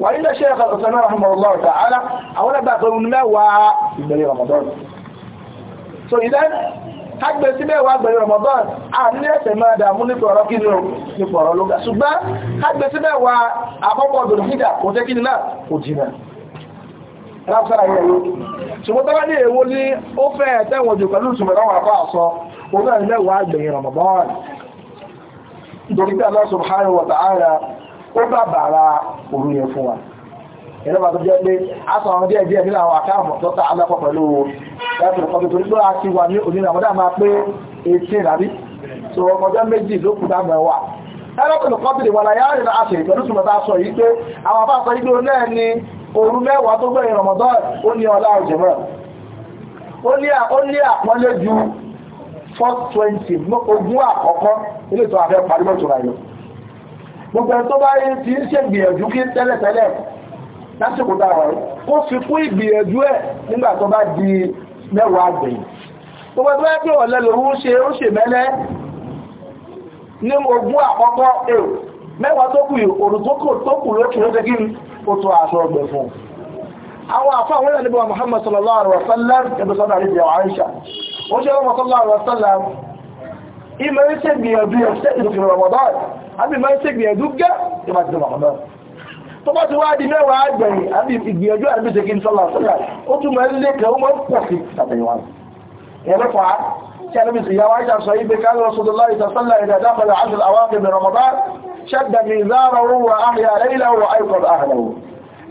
وإلا الشيخ الأسلام رحمه الله تعالى أولا بأقلون ما هو إبني رمضان so إذن kágbé síbẹ̀ wà gbẹ̀rẹ̀ Ramadan a ní ẹ̀sẹ̀ máa dàmú nípa ọ̀rọ̀ kí ní o nípa ọ̀rọ̀ lóga ṣùgbọ́n kágbé síbẹ̀ wà àkọ́kọ́ ọdún hídà kò jẹ́ kí ní náà kò jìnà ráfẹ́ra yẹ̀ yóò ṣùgbọ́n tọ́wọ́ ní èwo ní ó fẹ́ ó bàbàrà òru yẹn fún wa ìrẹ́bà tó jẹ́ pé a sọ àwọn díẹ̀ díẹ̀ nínú àwọn àkáàmù tó ta alápọ̀ pẹ̀lú ẹ̀fẹ̀ ọdún torí pé 18 àbí so ọjọ́ méjì ló kù dáa mẹ́wàá ẹlọ́pẹ̀lú kọ́bìlì wà láyá rìn àṣẹ ìpẹ̀lú súnmọ̀ tá sọ yìí pé àwọn afá sọ igbó náà ni òru mẹ́wàá tó gbẹ̀yìn Ramadan ó ní ọlá òjòmọ́ ó ní àpọ́nlé ju 420 ogún àkọ́kọ́ ilé ìtọ́ àfẹ́ parí mọ́tò gbogbo tó bá rí ti ń ṣe gbìyànjú kí tẹ́lẹ̀tẹ́lẹ̀ lásìkò dáwà rí kó fi kún ìgbìyànjú ẹ̀ nígbà tó bá di mẹ́wàá gbẹ̀yìn gbogbo tó bá pé ọ̀lẹ́ lòun ṣe ó ṣe mẹ́lẹ́ ní ogún àkọ́kọ́ èrò mẹ́wàá tó kù òrùn tó kù lókè ló tẹ́kí ó tó aṣọ ọgbẹ̀ fún àwọn àfáà wọ́n níbi wa Muhammad sallallahu alaihi wasallam ẹgbẹ́ sọ́dọ̀ àríjẹ̀ Aisha ó ṣe ọmọ sallallahu alaihi wasallam ìmọ̀ ń ṣe gbìyànjú ọ̀ṣẹ́ ìṣòro Ramadan àbí ìmọ̀ ń ṣe gbìyànjú gẹ́ ìmọ̀ ti Ramadan tó bá ti wá di mẹ́wàá àgbẹ̀yìn àbí ìgbìyànjú àbí ṣe kí n sọ́lá sọ́lá ó tún mọ̀ ń lé kẹ́ ó mọ̀ ń pọ̀ sí àtẹ̀yìnwá ẹ̀lẹ́fà tí a níbi sì yá wáyé sọ ibi ká lọ sọ́dọ̀ láì sọ́lá ìdá dákọ̀lá àti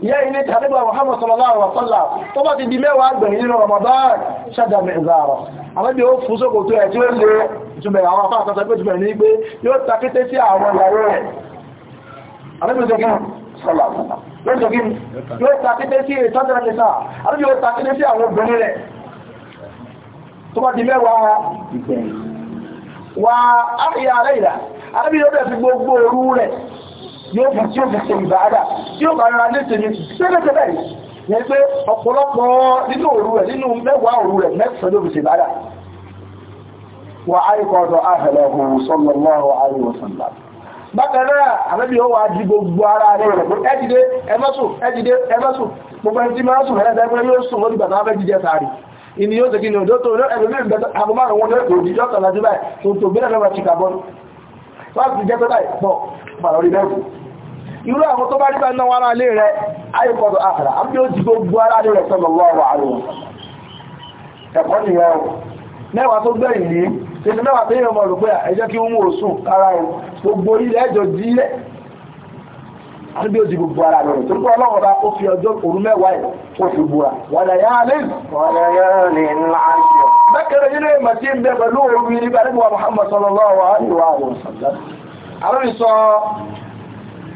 ìyá ilé tàbígbà Muhammad sallallahu alaihi wasallam tó bá ti di mẹ́wàá gbẹ̀rẹ̀ nínú Ramadan ṣádà mẹ́zàrọ̀ àwọ́bí ó fún sókò tó ẹ̀ tí ó lè ìtumẹ̀ àwọn afá àtàtà pé ìtumẹ̀ ní pé yóò takété sí àwọn ìyàwó rẹ̀ yóò takété sí ìtọ́jẹ́rẹ́lẹ́sà àbí yóò takété sí àwọn obìnrin rẹ̀ tó bá di rẹ̀ yóò fi tí ó fi ṣe ìbáadà tí ó bá rárá léṣe ní tẹ́lẹ̀tẹ́ bẹ́ẹ̀ yẹn pé ọ̀pọ̀lọpọ̀ nínú òru rẹ̀ nínú mẹ́wàá òru rẹ̀ mẹ́sàn ló fi ṣe ìbáadà wà á rí kọ́ọ̀dọ̀ ahẹ̀lẹ̀ ọ̀hún sallallahu alaihi wasallam bákan náà àbẹ́bí ó wà á di gbogbo ara rẹ̀ pé ẹ́dìdé ẹmọ́sùn ẹ́dìdé ẹmọ́sùn gbogbo ẹni tí máa sùn ẹ̀ẹ́dẹ́gbẹ́ yóò sùn lórí bàtà abẹ́jíjẹ sáré ìní yóò tẹ́kí ní ọjọ́ tó rẹ̀ ẹ̀rọ mẹ́rin bẹ̀tẹ̀ àgbọmọ́rún wọn lẹ́kọ̀ọ́ òjíjọ́ tọ̀lájú báyìí tó tó gbẹ́rẹ̀ lọ́wọ́ ti kàbọ́n láti jẹ́ pẹ́ báyìí pọ̀ pàlọ́rí lẹ́kùn irú àwọn tó bá rí bá náà wá ráalé rẹ̀ ayíkọ̀dọ̀ ah, àkàrà àbí ó ti gbogbo aráalé rẹ̀ sallallahu alaihi ẹ̀kọ́ nìyẹn o mẹ́wàá tó gbẹ̀yìn ní tètè mẹ́wàá tó yẹ ọmọ rò ah, ẹjẹ́ kí wọ́n sùn ara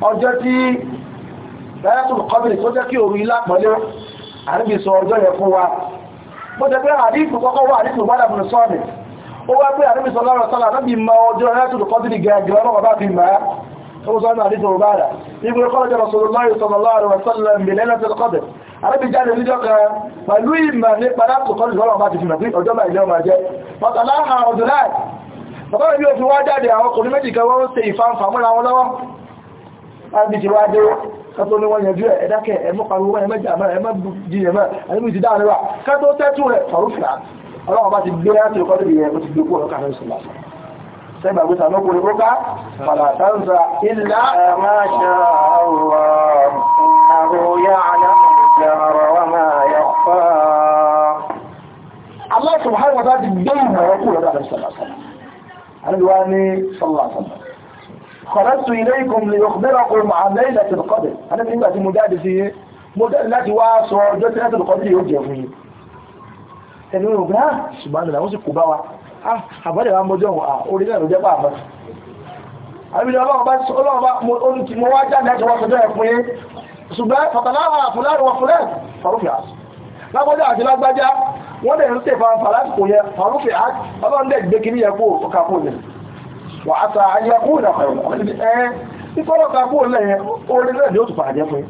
ọjọ́ tí láyátùn kọ́bìnì tó jẹ́ kí òru ilápọ̀lẹ́ àríbì sọ ọjọ́ yẹ fún wa bó jẹ́ pé àdífù kọ́kọ́ wà àdífù wádà fún sọ́ọ̀nì ó wá pé àríbì sọ lọ́rọ̀ sọ́lá náà bí ma ọjọ́ láyátùn kọ́bìnì gẹ̀ẹ́gẹ̀ẹ́ ọlọ́wọ́ bá fi máa ó sọ́nà àdífù rúbára nígbé kọ́lọ́jọ́ rasulullahi sallallahu alaihi wasallam bi lailatul qadr àríbì jáde níjọ́ kan pẹ̀lú ìmọ̀ nípa láti kọ́lù lọ́rọ̀ bá ti fi mọ̀ pé ọjọ́ bá ilé ọmọ jẹ́ pàtàlá àwọn ọdún láti ti wá dé kátó ní wọ́n yẹjú ẹ̀ ẹ̀dákẹ́ ẹ̀mọ́ pariwo ẹ̀ mẹ́jà mẹ́rin ẹ̀mọ́ di ẹ̀mọ́ ẹ̀mí ti dáhùn rà kátó tẹ́tù rẹ̀ fàrúfìlà ọlọ́run bá ti gbé láti ọkọ́ ìmọ̀ ọkùnrin ọ̀dọ́ àrẹ́sọ̀lá sọ́lá. Àrẹ́lúwá ní sọ́lá sọ́lá. خرجت إليكم لأخبركم عن ليلة القدر أنا في إمتى مدادسي مدادسي láti wá sọ ọjọ́ tí láti lọ́kọ́dé yóò jẹ fún yìí ẹni òun náà ah, ṣùgbọ́n àwọn sì kò bá wa ah, àbọ̀dẹ̀ wa mọ́jọ́ wọn ah, orí náà ló jẹ́ pà bá ọlọ́run bá orí tí mo wá jáde wọ́n dẹ̀ ń tẹ̀ fanfà wà á ta ayé kú ìdàkọ̀rọ̀ ẹ́ ìfọ́lọ́ta kú lẹ́yẹ orí náà ni ó tùpà jẹ́ ah, fún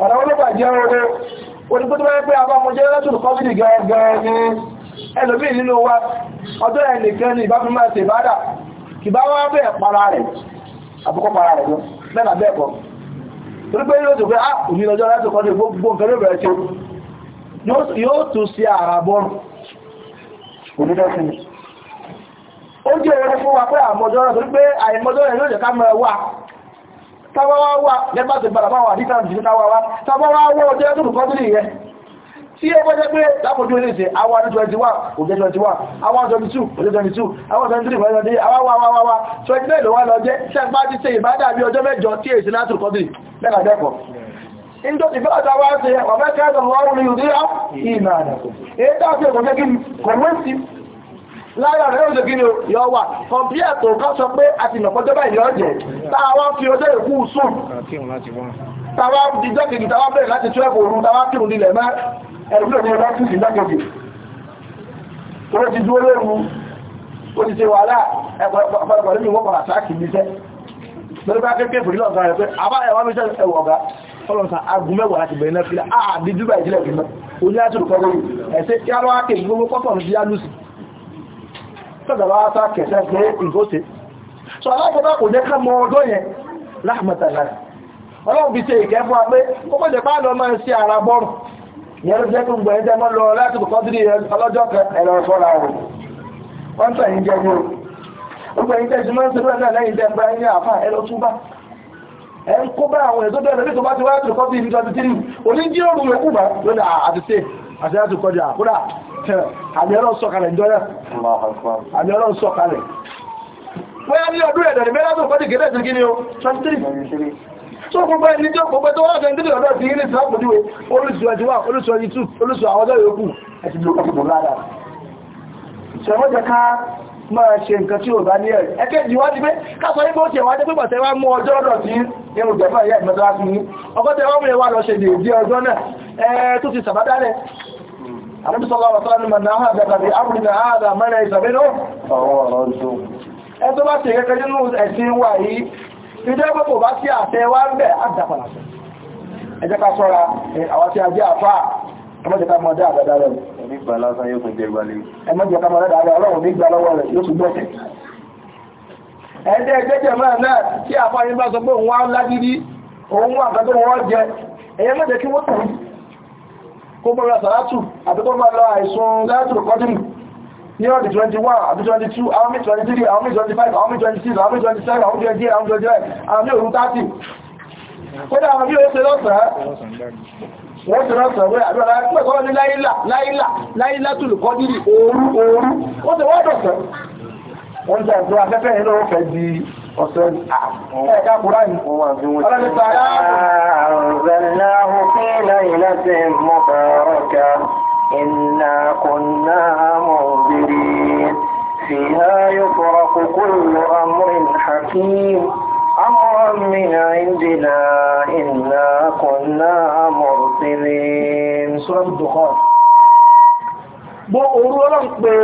ọ̀nà olóògbà jẹ́ orí onígbótó mẹ́rin pé àbámọ́jẹ́ lẹ́tùrù kọ́bìnì gẹ́gẹ́ ní ẹlòmí nínú ó jẹ́ ọ̀rọ̀ fún wa pé àmọ́jọ́rọ̀ tó pé àìmọ́jọ́rọ̀ yóò jẹ́ ká mọ̀ wà tábáwá wà lẹ́gbàtẹ̀ bàbá wà níta jù táwà wá tábáwá wọ́ ọjọ́ tó tí ó gbọ́jẹ́ pé lápòjú ilé ìsẹ̀ 21 21 22 22 29 lára rẹ̀ lóṣù gíní yọ wà kọ̀m̀pí ẹ̀tọ́ kan sọ pé àti ìnàpọ̀jọ́ báyìí yọ jẹ́ táwa fi ọjọ́ ìkú sùn táwa dijọ́ kejì táwa bẹ̀rẹ̀ láti tún ẹ̀kọ́ òru táwa kírun nílẹ̀ mẹ́ ẹ̀rù lòdì ọjọ́ sí ìdá kejì tó ti dúró lóru ó ti ṣe wàhálà ẹ̀pọ̀lọpọ̀ nínú wọ́n padà sáà kìí níṣẹ́ lórí bá kéèké fòrí lọ́sàn rẹ̀ pé àbá ẹ̀wọ́n mi ṣẹ́ ẹ̀wọ̀ ọ̀gá ọlọ́sàn agun mẹ́wàá láti bẹ̀rẹ̀ náà fílà àdíjú bá ìjìnlẹ̀ fílà oníyàtò kọlọ́rù ẹ̀ṣẹ́ yálọ́ ákè gbogbo pọ́pọ̀ ní yálùsì sọ́dọ̀wà sá kẹsẹ̀ pé ìgóṣe so alágbẹ́bá kò jẹ́ ká mọ ọdọ́ yẹn láàmàtàlá ọlọ́run fi ṣe ìkẹ́ fún wa pé ó mọ̀ jẹ́ pá lọ máa ń ṣe ara bọ́rùn ìyẹn ló jẹ́ kó gbọ́ ẹjẹ́ mọ́ lọ láti kọ́ sí ọlọ́jọ́ ẹ̀rọ ìfọ́ra rẹ̀ wọ́n tẹ̀ ń jẹ́ ní o gbogbo ẹ̀yin tẹ̀ jùmọ́ sí lọ́dọ̀ lẹ́yìn tẹ̀ gba ẹ̀yìn àfà ẹ lọ túbà ẹ ń kó bá àwọn èso bẹ̀rẹ̀ nítorí tó bá ti wá tó kọ́ sí ibi tó ti tiri onídìí òru yòókù bá lónìí àti ṣe àti láti àmì ọlọ́run sọ̀kalẹ̀ jọ́nà àmì ọlọ́run sọ̀kalẹ̀ bóyá ní ọdún ẹ̀dẹ̀ mẹ́lá tó kọ́ dìgẹ́dẹ̀ sí gíní o 23 tó kún bá ní tí ó pọ̀pẹ́ tó wọ́n tẹ́ntí ọ̀dọ́ sí ilé ìsìnkú àpòjúwe olùsù 21 olùsù 22 olùsù àwọn ọjọ́ yòókù ẹ̀sìn ló kọ́kọ́ lára ṣẹ̀mọ́jẹ́ ká máa ṣe nǹkan tí ò bá ní ẹ̀rì ẹ̀kẹ́jì wá ti pé káàkọ́ ní bó ṣe wá jẹ́ pípọ̀ tẹ́wàá mú ọjọ́ ọ̀dọ̀ tí ẹrù jẹ́fà ìyá ìmọ̀tọ́lá fún yí ọkọ́ tẹ́wàá mú ẹwà lọ ṣe dèédé ọjọ́ náà ẹ̀ẹ́ tó ti sàbádálẹ̀ النبي صلى الله عليه وسلم من هذا قد أمرنا هذا من ليس منه فهو رد ẹ̀tọ́ bá ti rẹ́kẹ́ nínú ẹ̀sìn wà yìí tí jẹ́ pẹ́pọ̀ bá tí àtẹ́ wá ń bẹ̀ àdàpàdà ẹjẹ́ ká sọ́ra àwọn tí a jẹ́ àfá ẹmọ́jẹ́ ká mọ́dá àdádá rẹ̀ ẹmọ́jẹ́ ká mọ́dá àdádá rẹ̀ ẹmọ́jẹ́ ká mọ́dá àdádá rẹ̀ yóò tún gbọ́ kó mọ́ ra sàlátù àti kó mọ́ lọ àìsùn látùrù kọ́dìmù ní ọdún 21 àbí 22 àwọn mí 23 àwọn mí 25 àwọn mí 26 àwọn mí 27 àwọn mí 28 àwọn mí 29 àwọn mí òun 30 kódà àwọn mí ó ṣe lọ́sàn-án wọ́n ti rọ́sàn wẹ́ àbúrà pẹ́kọ́ ní láìlà láìlà láìlà tó lùkọ́ dìrì òru òru ó ti wọ́n dọ̀sán wọ́n ti àìsàn afẹ́fẹ́ ìlú ọ̀fẹ́ di ọ̀sẹ̀ni ẹ̀dá kúrá ní ọlọ́dẹ́ta ààrùn fi laylatin mubarakah inna kunna munzirin fiha yufaraqu kullu amrin hakim amran min indina inna kunna mursilin suratul Dukhan bó orú ọlọ́pẹ́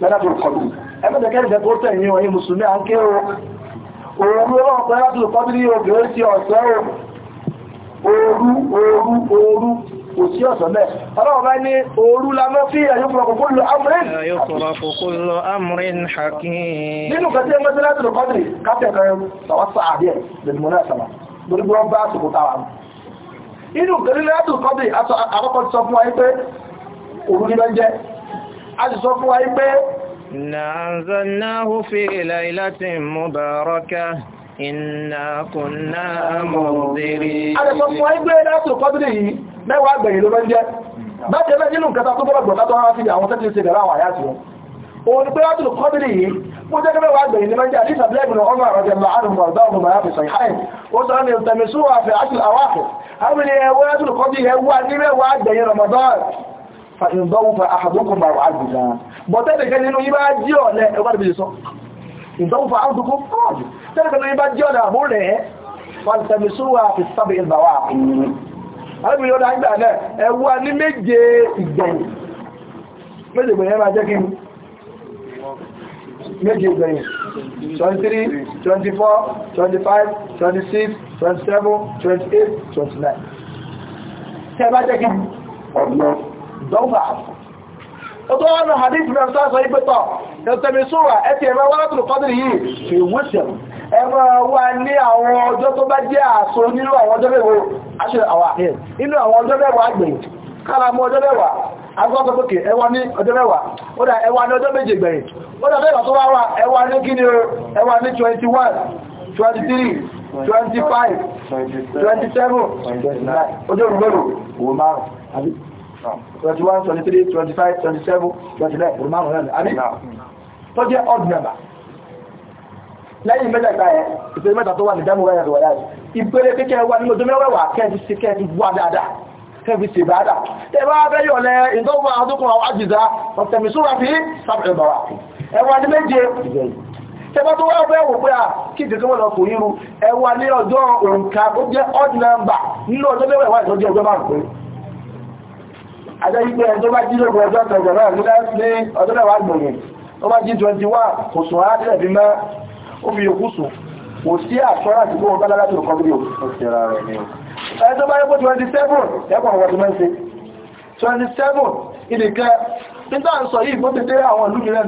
lẹ́dàbí ọkọ̀lù ẹgbẹ́dẹ̀kẹ́ ìdẹ́kọ́ tẹ̀yìn ọ̀yìn òru ọlọ́pẹ́ láti lò kọ́bí ní obìnrin sí ọ̀sẹ̀ òru òru òru kò sí ọ̀sán bẹ́ẹ̀. Ọlọ́run bá ní òru la mọ́ fí ẹ̀yọ́ fún ọkùnkùn lọ amúrin. Ẹ̀yọ́ fún ọkùnkùn lọ amúrin hakim. Nínú kẹtí ẹgbẹ́ tí láti lọ́kọ́dìrì káfẹ́ kan tọwọ́ sáàdì ẹ̀ lẹ́nu mọ́lá ẹ̀sàmà. Gbogbo wọn bá àsìkò táwa. Inú kẹtí láti lọ́kọ́dìrì àkọ́kọ́ ti sọ fún wa pé òru ni lọ jẹ́. A sì sọ fún wa pé إنا أنزلناه في ليلة مباركة إنا كنا منذرين أنا فمو أيضا لا تقدري ما وعد له من جاء ما جاء من كتا تبرا بطاطا في دعوة تجلس جلاء وعياته وأن بيات القدر وجاء ما وعد له من جاء حديث عبد الله بن عمر رضي الله عنهم وارضاهما في صحيحين وصلنا يلتمسوها في عشر الأواخر هل من يواد القدر هو أن ما وعد رمضان ìdọ́wùfà àhàbùkùn bàrù àjùdá bọ̀tẹ́lẹ̀kẹ́ nínú yí bá jí ọ̀lẹ́ ẹgbẹ́ ìbí sọ ìdọ́wùfà àhàbùkùn fọ́ọ̀dù tẹ́lẹ̀kẹ́ nínú yí bá jí ọ̀lẹ́ àbú rẹ̀ fàtẹ̀mìsúwà fi sábẹ̀ ìbàwà méje ìgbẹ̀yìn 23 24 25 26 27 28 29 tẹ́bá jẹ́ kí ọ̀gbọ́n dọ́fà ọ̀tọ́ ọ̀nà hadith náà sáàsọ ìpẹ́tọ̀ ẹ̀tẹ̀mì sóra ẹ̀tì ẹ̀mà wá látùlù fọ́dìrì yìí fi wíṣẹ̀ ẹ̀mà wà ní àwọn ọjọ́ tó bá jẹ́ àṣọ nínú àwọn ọjọ́ mẹ́wàá aṣọ àwọn àhìn inú àwọn ọjọ́ mẹ́wàá àgbẹ̀ kálàmù ọjọ́ mẹ́wàá agbọ́gbọ́gbọ́kè ẹwà ní ọjọ́ mẹ́wàá ó dà ẹwà ní ọjọ́ méje gbẹ̀yìn ó dà mẹ́wàá tó wá wà ẹwà ní kí ni o ẹwà ní 21 23 25 27 ọjọ́ ìgbẹ̀rù wò 21 23 25 27 29 roman roman àbí tó jẹ́ odd number lẹ́yìn mẹ́tẹ̀ẹ̀ta ẹ̀ ìpele mẹ́ta tó wà ní dámú wáyà rọ̀wà láti ìpele kékẹ́ wà nínú tó mẹ́wàá wà kẹ́ẹ̀fì sí kẹ́ẹ̀fì wà dáadáa kẹ́ẹ̀fì sí bàádà tẹ́bá abẹ́yọ̀ lẹ ìdọ́gbà àdókùn àwọn àjìzá ọ̀tẹ̀mìsúra fi sábẹ̀ bàwà ẹwà ní méje tẹbá tó wá bẹ́ẹ̀wò pé à kí ìdíkẹ́ wọ́n lọ kò ríru ẹwà ní ọjọ́ òǹkà ó jẹ́ odd number nínú ọjọ́ mẹ́wàá ìtọ́jú ọjọ́ márùn-ún àjẹ́gbẹ́ ẹjọ́ bá jílògbò ọjọ́ tẹ̀gbẹ̀rẹ̀ ní ọdọ́lẹ̀wà gbòmù ó bá jí 21 kò sùn áàdẹ̀ bí mẹ́ ó fi yòókù sùn kò sí àṣọ́rà tí kó wọ́n bá lára tó kọ́ bí òṣèrà rẹ̀ ni ẹjọ́ bá yìí bó ti dé àwọn ìlú mìíràn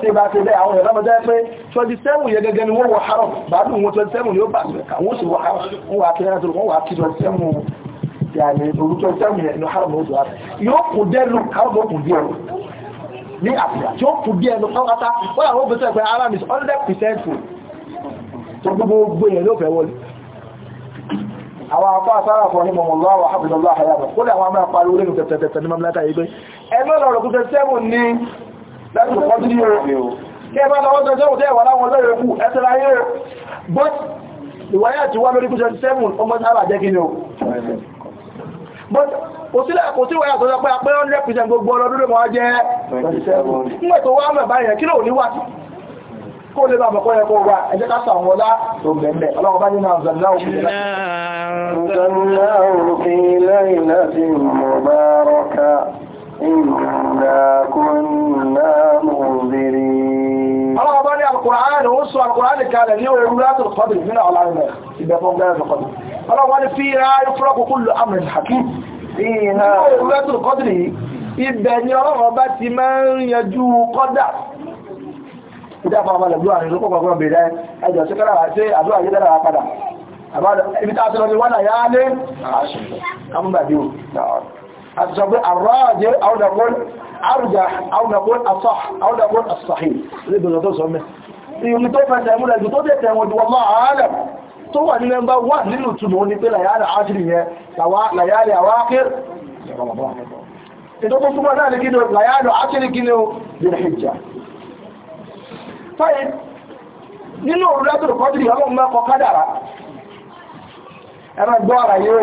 tí bá ti bẹ́ àwọn ìrọ̀lọ́mọ jẹ́ pé 27 yẹ gẹ́gẹ́ ni wọ́n wọ harọ̀ bàbí wọn 27 ni ó bà sílẹ̀ àwọn òṣèlú harọ̀ wọ́n wà kí lẹ́nà tó wọ́n wà kí 27 yàní òru 27 yẹn ní harọ̀ mọ́ òdùwà yóò kù dẹ́nu harọ̀ mọ́ kù díẹ̀ ní àpìyà tí ó kù díẹ̀ ní pátápátá wọ́n àwọn òbí sẹ́pẹ̀ ara mi 100% tó gbogbo gbogbo yẹn ló fẹ́ wọlé àwọn afọ́ àsára kan ní mọ̀mọ̀lọ́ àwọn àbùdọ́lọ́ àyàbọ̀ kó lè àwọn amẹ́ apariwo lẹ́nu ní mamlaka ní láti kọ́ sí yóò kẹ́ bá lọ́wọ́ tọ́jọ́ òtẹ́ ìwà láwọn lọ́rẹ̀ kú ẹ̀tẹ́ra yóò but ìwáyà ti wá lórí kú 27 ọmọ sára jẹ́ kíni o but kò sílẹ̀ kò sí ìwáyà tọ́jọ́ pé apẹ́ 100% gbogbo ọlọ́dún mọ́ jẹ́ 27 nígbẹ̀ tó wá mẹ́ báyẹ̀ kí lóò níwà kó lè máa bọ̀kọ́ yẹ kó wà ẹjẹ́ ká sàwọn ọlá tó bẹ̀ẹ̀bẹ̀ ọlọ́wọ́ bá nínú àzànlá òfin láti إنا كنا منذرين الله أبالي على القرآن وصل على القرآن كان اليوم يوم لا تلقبل من على المخ إذا فهم لا تلقبل الله أبالي فيها يفرق كل أمر حكيم فيها يوم لا تلقبل ibẹ̀ ni ọlọ́rọ̀ bá ti máa ń yanjú kọ́dà ìdáfà ọmọ ìlú àrìn lókọ̀ ọgbọ̀n bèèrè ẹjọ́ sí kọ́dà àti àdúrà yìí dára padà ibi tààtọ́lọ́ ni wọ́n náà yá lé àṣìṣẹ́ الجبر الراجع أو نقول أرجح أو نقول أصح أو نقول الصحيح ليه بغضو سمي يقول لي فان تعمل لك تو تي والله عالم تو ان نمبر 1 لينو تنو في بلا يا عاشر يا سواء ليالي اواخر ìtọ́tọ́ súnmọ́ náà lè kí ní ọ̀láyàdọ̀ ákìrí kí ní ìrìnhìjá fáyé nínú òrùlẹ́tò kọjú ìyọ́lọ́mọ́ kọkádàrá ẹ̀rọ gbọ́ ara yóò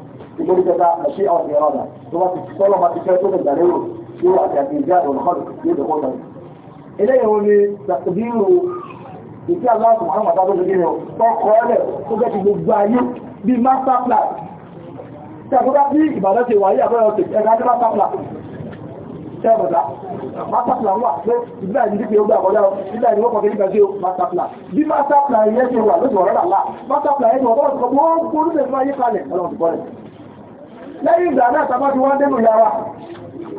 nítorí kẹta àṣẹ àwọn ìyàrá ọ̀la tó bá ti sọ́lọ́ máa ti fẹ́ tó gbẹ̀gbà lérò yóò àti àti ìjà olùkọ́ni yóò dẹ̀kọ́ sọ eléyìí wọn ni tàbíru ìdí aláàfin Muhammad abdul gini tọkọ ẹlẹ tó bẹ ti gbogbo ayé bíi master plan tí a tó bá bí Ìbàdàn ti wáyé àbẹ́rẹ́ ọ̀sẹ̀ ẹ̀ka ní master plan tẹ́bọ̀dá masterplan wà pé ìgbà ìdí pé ó gbà kọjá ìgbà ìdí wọ́n kọ̀kẹ́ nígbà tí ó masterplan bí masterplan yẹ́ ṣe wà lóṣù ọ̀rẹ́dà láà masterplan yẹ́ ṣe wọ́n kọ́ lẹ́yìn ìgbà náà tàbá ti wá dẹ́nu yàrá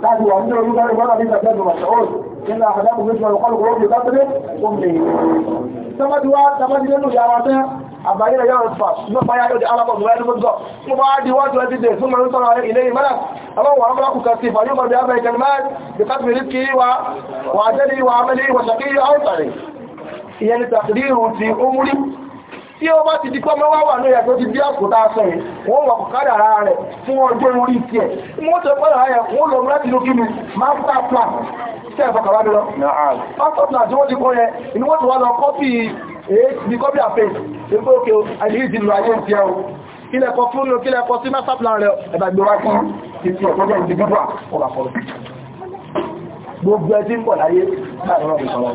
láti wà nínú orúkọ rẹ̀ bọ́nà nígbà tẹ́nu mọ̀sán Ìlà àdábò méjì ọ̀rọ̀ kọlùkọ̀ ó fi látọ́lé omi. Tọ́mọ́dé wá tọ́mọ́dé nínú yàrá tẹ́ àbáyé rẹ̀ yọ̀rọ̀ fà ní ọ̀páyá yóò di alábọ̀ mọ̀ ẹni gbogbo. Mo bá di wọ́n tọ́lá ti dè fún mẹ́rin sọ́rọ̀ ilé ìmọ́lá. Àwọn wà ọmọlá kùkà sí ìfàyọ́ mọ̀ bí abẹ́ ìkẹni máa bí ká bìrì kí wa wà jẹ́ ní wa amẹ́lẹ́ ìwọ̀sàkí ọ̀tàrí. Ìyẹn ni tàkìrí ìrù ti ó múrí tí ó bá ti di pọ́ mẹ́wàá wà lóyẹ̀ tó ti bí àkótá sọ yìí wọ́n wọ̀ kọ̀kadà ara rẹ̀ fún ọjọ́ orí tiẹ̀ mo tẹ̀ pẹ́ ara yẹn wọ́n lọ láti ló kí plan tẹ́ ẹ̀fọ́ kàwá lọ. pásítọ̀ náà tí wọ́n ti kọ́ yẹn ni wọ́n eh, plan rẹ̀ ẹ̀bà ìgbòrá gbogbo ẹ̀ ń bọ̀ láyé láàrin ọ̀pọ̀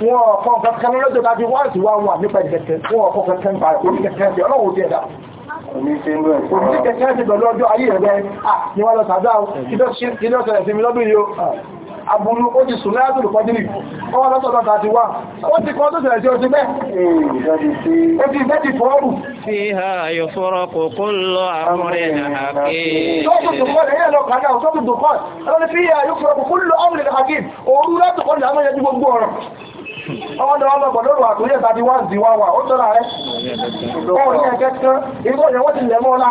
wọn ọ̀kan kankan lọ́jọ́ tàbí wọ́n ti wá wọn nípa ìkẹ̀kẹ́ wọn ọ̀kan kankan bá oníkẹ̀kẹ́ ti ọlọ́wọ́ ti ẹ̀dá oníkẹ̀kẹ́ ti lọ́jọ́ ayé rẹ̀ ni wọ́n lọ sàdá ìdọ́sẹ̀rẹ̀ ó ti sùn láyá tó lùkọ́ ọwọ́ lọ́sọ̀tọ̀ tàbí wá ó ti kọ́ tó sẹ̀rẹ̀ sí oṣù bẹ́ ó ti bẹ́ ti fọ́ọ̀rù sí ha yóò fọ́rọ̀ kò kó lọ àmúrin àkíyè tó tó kọ́ ọmọdé wọn lọ pọ̀lọ́rù àkúrẹ́ ìtàdí wá sí wá wà ó tọ́ra rẹ̀ ọ̀rọ̀ ní ẹ̀kẹ́ kan inú ọ̀yẹ̀ wọ́n ti lẹ̀ mọ́ ọlá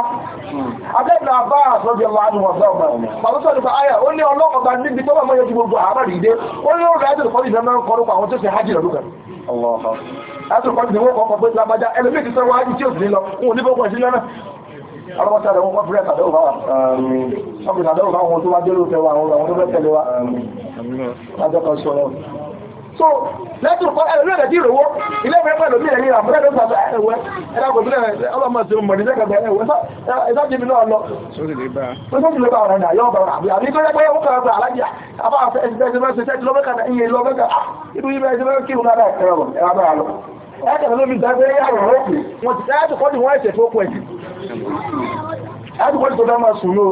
abẹ́gbẹ̀ àbá àtọ́jú ọmọ adùnwọ̀n sọ́ọ̀gbà pàtó sọ́ọ̀dù pa ayà ó ní ọlọ́kọ̀ọ́gbà a tó bá mọ́ yẹjú gbogbo àárọ̀ rí dé ó ní ọ̀rọ̀ ẹ̀dùn kọ́lù ìfẹ́ máa ń kọrùkọ àwọn tó ṣe hajj lọ́dún kan ẹ̀dùn lọ so lẹ́tùrù kọ́ ẹ̀rọ ẹ̀rẹ́ tí ìrọ̀wọ́ ilé ìfẹ́ pẹ̀lú mi ẹ̀rí àmúlẹ́ ẹ̀rọ ẹ̀rọ bá lọ yàrá rọ́ọ̀kì wọ́n ti ẹ̀ẹ́dùkọ́ ni wọ́n ẹ̀sẹ̀ tó kọ̀ ẹ̀sì ẹ̀ẹ́dùkọ́ ni tó dá máa sùn lóo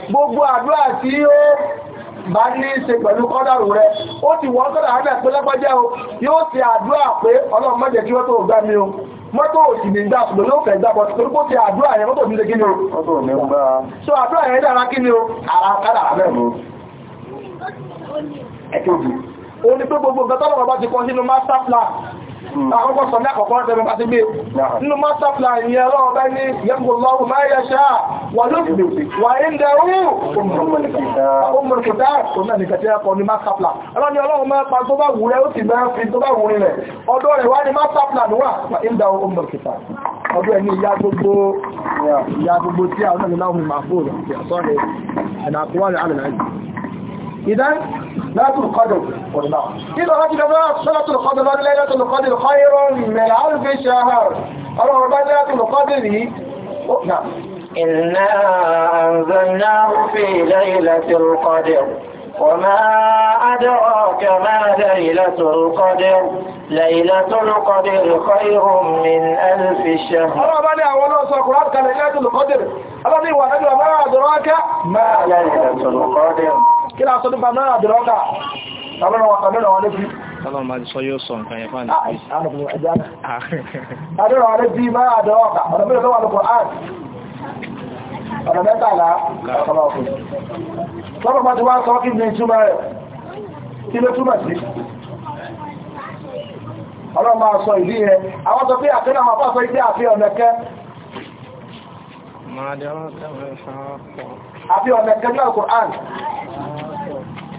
gbogbo àdúrà tí ó bá ní ṣe pẹ̀lú kọ́dàrù rẹ̀ ó ti wọ́n kọ́dà rẹ̀ pé lápájá o yóò ti àdúrà pé ọlọ́run má jẹ́ kí wọ́n tó gbá mi o mọ́tò òsì ṣùgbọ́n ti o so dára o ara mú ti àkọ́kọ́ sọ ní àkọ́kọ́ tẹ́lẹ̀ bá ti gbé nínú master plan yẹn lọ́wọ́ bá ní yẹ́gbò lọ́wọ́ máa yẹ ṣáà wà lóṣù wà ń dẹ̀rú òmùrùkùtà tó náà nìkan tí a kọ ní master plan ọlọ́ni ọlọ́run máa pa tó bá wù rẹ̀ ó sì máa fi ẹni ìyá gbogbo tí àwọn ọ̀nà ìlànà ìmàfóòrò àti àtọ́rẹ̀ ẹ̀nà àkúwárẹ̀ àrẹ̀ náà إذا لا القدر والله إذا رجل بقى صلاة القدر قال ليلة القدر خير من ألف شهر أربعة بقى ليلة القدر نعم إنا أنزلناه في ليلة القدر وما أدراك ما ليلة القدر ليلة القدر خير من ألف شهر أربعة بني القدر سأقرأك ليلة القدر أربعة بني ما أدراك ما ليلة القدر kí lásọ nípa náà àdìrọ́kà àmìnà wọn lébi ọlọ́run máa sọ yóò sọ nǹkan yẹn fún àdìrọ́ wọn lébi máa àdìrọ́kà ọ̀nà mẹ́rin lọ́wọ́ lọ́kọ̀ án ọ̀nà mẹ́tàlá ọ̀kọ̀lọ́kùn lọ́pọ̀ bá ti wá sọ kí ní ìtumọ̀ rẹ̀ kí ló túmọ̀ sí ọlọ́run máa sọ ìdí rẹ̀ àwọn sọ pé àfihàn àwọn afọ́ ìdí àfihàn nẹ̀kẹ́ àfihàn nẹ̀kẹ́ náà kùrán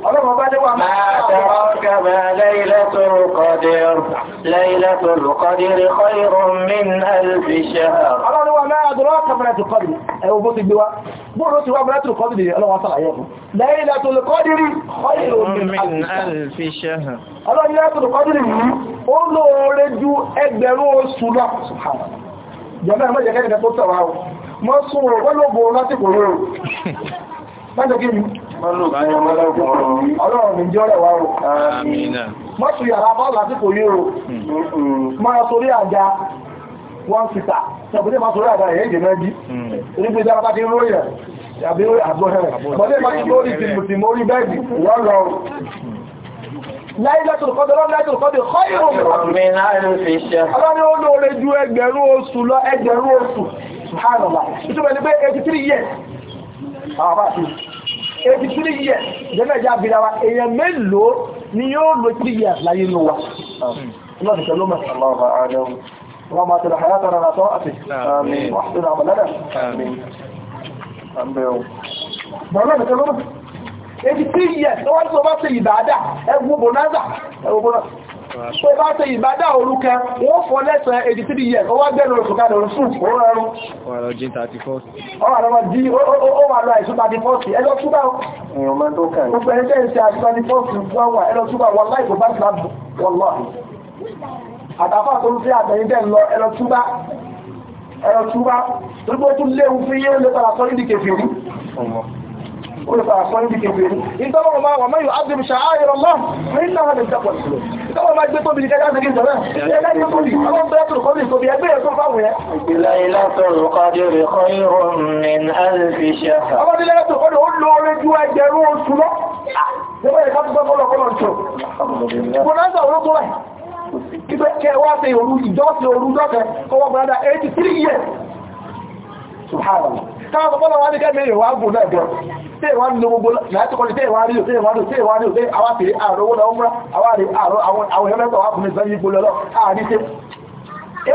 ما ترك ما ليلة القدر ليلة القدر خير من ألف شهر الله وما أدراك ما ليلة القدر أيوة بوتي بيوا بوتي بيوا ما ليلة القدر الله وصل عليكم ليلة القدر خير من ألف شهر الله ليلة القدر قولوا رجو أجبروا السلاح سبحان الله جماعة ما جاكا كتبت وعاو ما صوروا ولو بولاتي قولوا ما جاكين Ọlọ́run mi jọ́ rẹ̀ wá o. Mọ́ sí yàrá bọ́ lásìkò yí o. Máa torí àjá wọ́n síta. Ṣọ̀bùdé máa torí àjá ẹ̀yẹ́ ìjẹ̀ náà jí. Orígbé dára bá kí ń róyẹ̀. Àbí àgbọ̀hẹ̀rẹ̀. Bọ́dé máa kí lórí ti mú orí bẹ́ẹ̀dì wọ́n lọ láìlẹ́tùn kọ́dọ̀lọ́ láìlẹ́tùn kọ́dọ̀ kọ́ìrùn mìíràn ọlọ́run ni ó lóore ju ẹgbẹ̀rún oṣù lọ ẹgbẹ̀rún oṣù ṣùgbọ́n ni pé 83 years eighty three years ìjọba ìjà àbíra wa èèyàn mélòó ni yóò lo three years láyé hmm. ló wa. الله تكلمه الله أعلم اللهم أتنا حياتنا على طاعتك آمين واحسن عملنا آمين أمبيو الله تكلمه eighty three years lọ́wọ́ tí wọ́n bá ṣe ìbàdà ẹ̀wọ̀n bọ̀nàdà ẹ̀wọ̀n tó bá tẹ ìbádá orúkẹ wọ́n fọ́ lẹ́sẹ̀ 83 years ó wá gbẹ̀rẹ̀ oṣù kadà fún òórùn ó wà lọ jí 34 ó wà lọ jí ó wà lọ àìsù 34 ẹlọ túbà èèyàn máa tó kàn gbogbo ẹni tẹ́yìn sí àti 34 wọ́n wà ẹlọ túbà wọ́n láì kò bá ti lábù wọ́n olùfà àṣọ́yí bí kébé ìtọ́wọ́ ọmọ àwọn mẹ́yìn abdul sha'air allah mẹ́yìn náà lè dàpọ̀ ìṣòro ìtọ́wọ́ ọmọ ẹgbẹ́ tóbi kẹjá sẹ́kì sọ́rẹ́ ẹgbẹ́ yóò tóbi àwọn bẹ́ẹ̀ tó kọ́ ìjọ́sí òru kọwọ́ gbọ́dá 83 years. Subhanallah. Káwọn ọ̀pọ̀lọpọ̀ wá ní kẹ́ tẹ́ẹ̀wá ní gbogbo látọ́kọ́ni tẹ́ẹ̀wá rí tẹ́ẹ̀wá rí tẹ́ẹ̀wá rí tẹ́ẹ̀ àwọn àpèrè ààrẹ owó lọ́wọ́ múra àwárí àwọn ẹ̀mẹ́ta wà fún ìsànyí ipò lọ́lọ́ ààrí tẹ́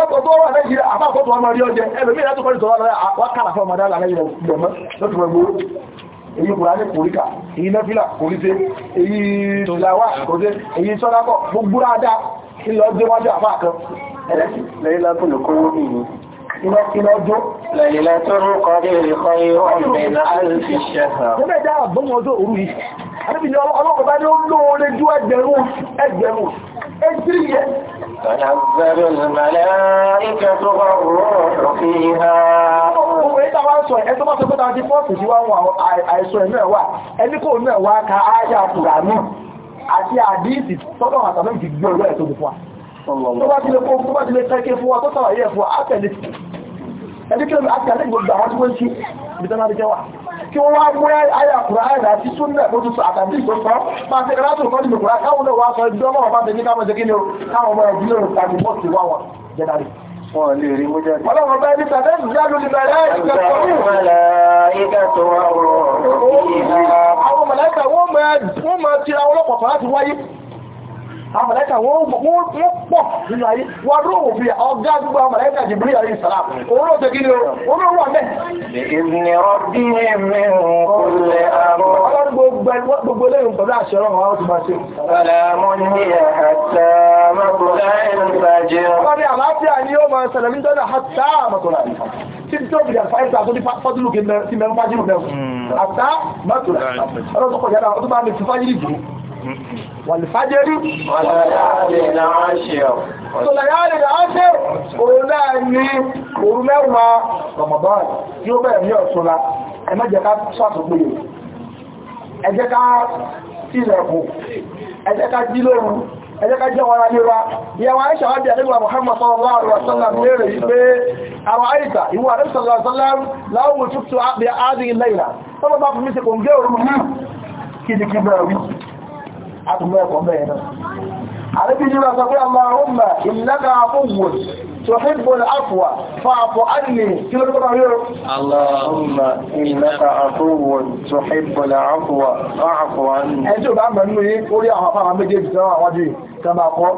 ẹ̀kọ́ tó wà lẹ́yìn àpapọ̀ tó wà máa rí ọjẹ́ ẹlòmí látọ́kọ́ni tó wà lọ́yà wà kàrà fún ọmọdé àlàyé ìgbẹ̀mọ́ lọ́tù gbogbo èyí kùránì kòríkà èyí nẹ́fílà kòríṣe èyí tòláwà kòríṣe èyí sọ́dákọ̀ gbogbo dáadáa ńlọ gbé wájú àpá kan ẹ̀rẹ́sì lẹ́yìn lápùlù kó wó nìyí iná iná jó. lẹ́yìnlá tó ń kọ́ ní ìrìkọ́ irú mẹ́rin alfi ṣẹ́fà. ó bẹ̀ dá àbọ̀mọ̀ ọjọ́ òru yìí àbíbi ni ọlọ́pàá ní ó lóore ju ẹgbẹ̀rún ẹgbẹ̀rún ẹgbẹ̀rún yẹ. Tọ́lábẹ̀rẹ̀ ìmọ̀lẹ́ ìkẹ́ tó bá rọ̀ fi ha. Ọmọ ìta wá sọ ẹ̀ tó bá sọ pé ta ti fọ́ọ̀sì sí wá wọn àìsọ ẹ̀mí ẹ̀wà ẹni kò ní ẹ̀wà ka áyà kùrà náà àti àdíìsì tọ́lọ̀ àtàlẹ́ ìgbẹ̀rẹ̀ tó bí fún tó bá ti lè kó bá ti lè tẹ́kẹ́ fún wa tó tàwà yẹ fún wa átẹ̀lẹ̀ ẹ̀díkẹ́ àtẹ̀lẹ̀ gbogbo àwọn tí wọ́n ṣe ìbìtánà rí jẹ́wà kí wọ́n wá mú àyà kùránà àti súnlẹ̀ bó tuntun àtàbí ìgbọ́sọ́ máa fi ẹ̀rọ àtòkọ́ nínú kùránà káwọn náà wá sọ ìdánwò ọba tẹ̀lé káwọn jẹ́ kí ni o káwọn ọmọ ìbílẹ̀ òkú àti bọ́ọ̀sì wá wọn jẹ́dárì Ọlọ́run bá ẹni tàbí ìjálù ní bẹ̀rẹ̀ ìkẹtọ̀ àwọn mọ̀lẹ́kà wọ́n pọ̀ nínú ayé wọ́n rò wò bí ọgá gbogbo àwọn mọ̀lẹ́kà jìbìrì àrí ìsàlá òun ló tẹ́kí ni òun ló wà mẹ́. ìbìnrin ọdí mi ń kúlẹ̀ àbọ̀. ọlọ́run gbogbo lẹ́yìn pẹ̀lú àṣẹ ọlọ́run wa ó ti máa ṣe. ọ̀làmú ní ẹ̀ẹ́ta mọ́kúlá ìrìnàjẹ́. ọlọ́run àlàáfíà ni ó máa ṣẹlẹ̀ nítorí àhàtà mọ́kúlá tí tó bìí àfáìsà tó ní fọ́dúnlù kí mẹ́rin fájírù mẹ́rin àtà hmm. mọ́kúlá ọlọ́run tó kọjá náà ó tó bá mi fi fájírì dùn wàlìfájẹ́rí tọ́lẹ̀yàrí láàáṣẹ́ òun náà ní òun mẹ́wàá Ramadan yóò bẹ̀rẹ̀ ní ọ̀túnla ẹ má jẹ́ ká sàtúgbòyè ẹ jẹ́ ká sílẹ̀kù ẹ jẹ́ ká jí lóòrùn ẹ jẹ́ ká jẹ́ wọn aléra bí àwọn aṣà wábí àdígbà Muhammad sallallahu alaihi wasallam lérè wípé àwọn àìsà ìwọ àdígbà sallallahu láwọn òtútù àbí àádìí àtúnmọ́ ẹ̀kọ́ bẹ́ẹ̀ náà àríbí jíra sọ pé Allahumma innaka afuwwun tuhibbul afwa fa'fu anni kí ló kọ́kọ́ yóò Allahumma innaka afuwwun tuhibbul afwa fa'fu anni ẹjọ́ bá mọ̀ nínú yí orí àwọn afárá méjèèjì sọ́wọ́ àwọn jù kọba kọ́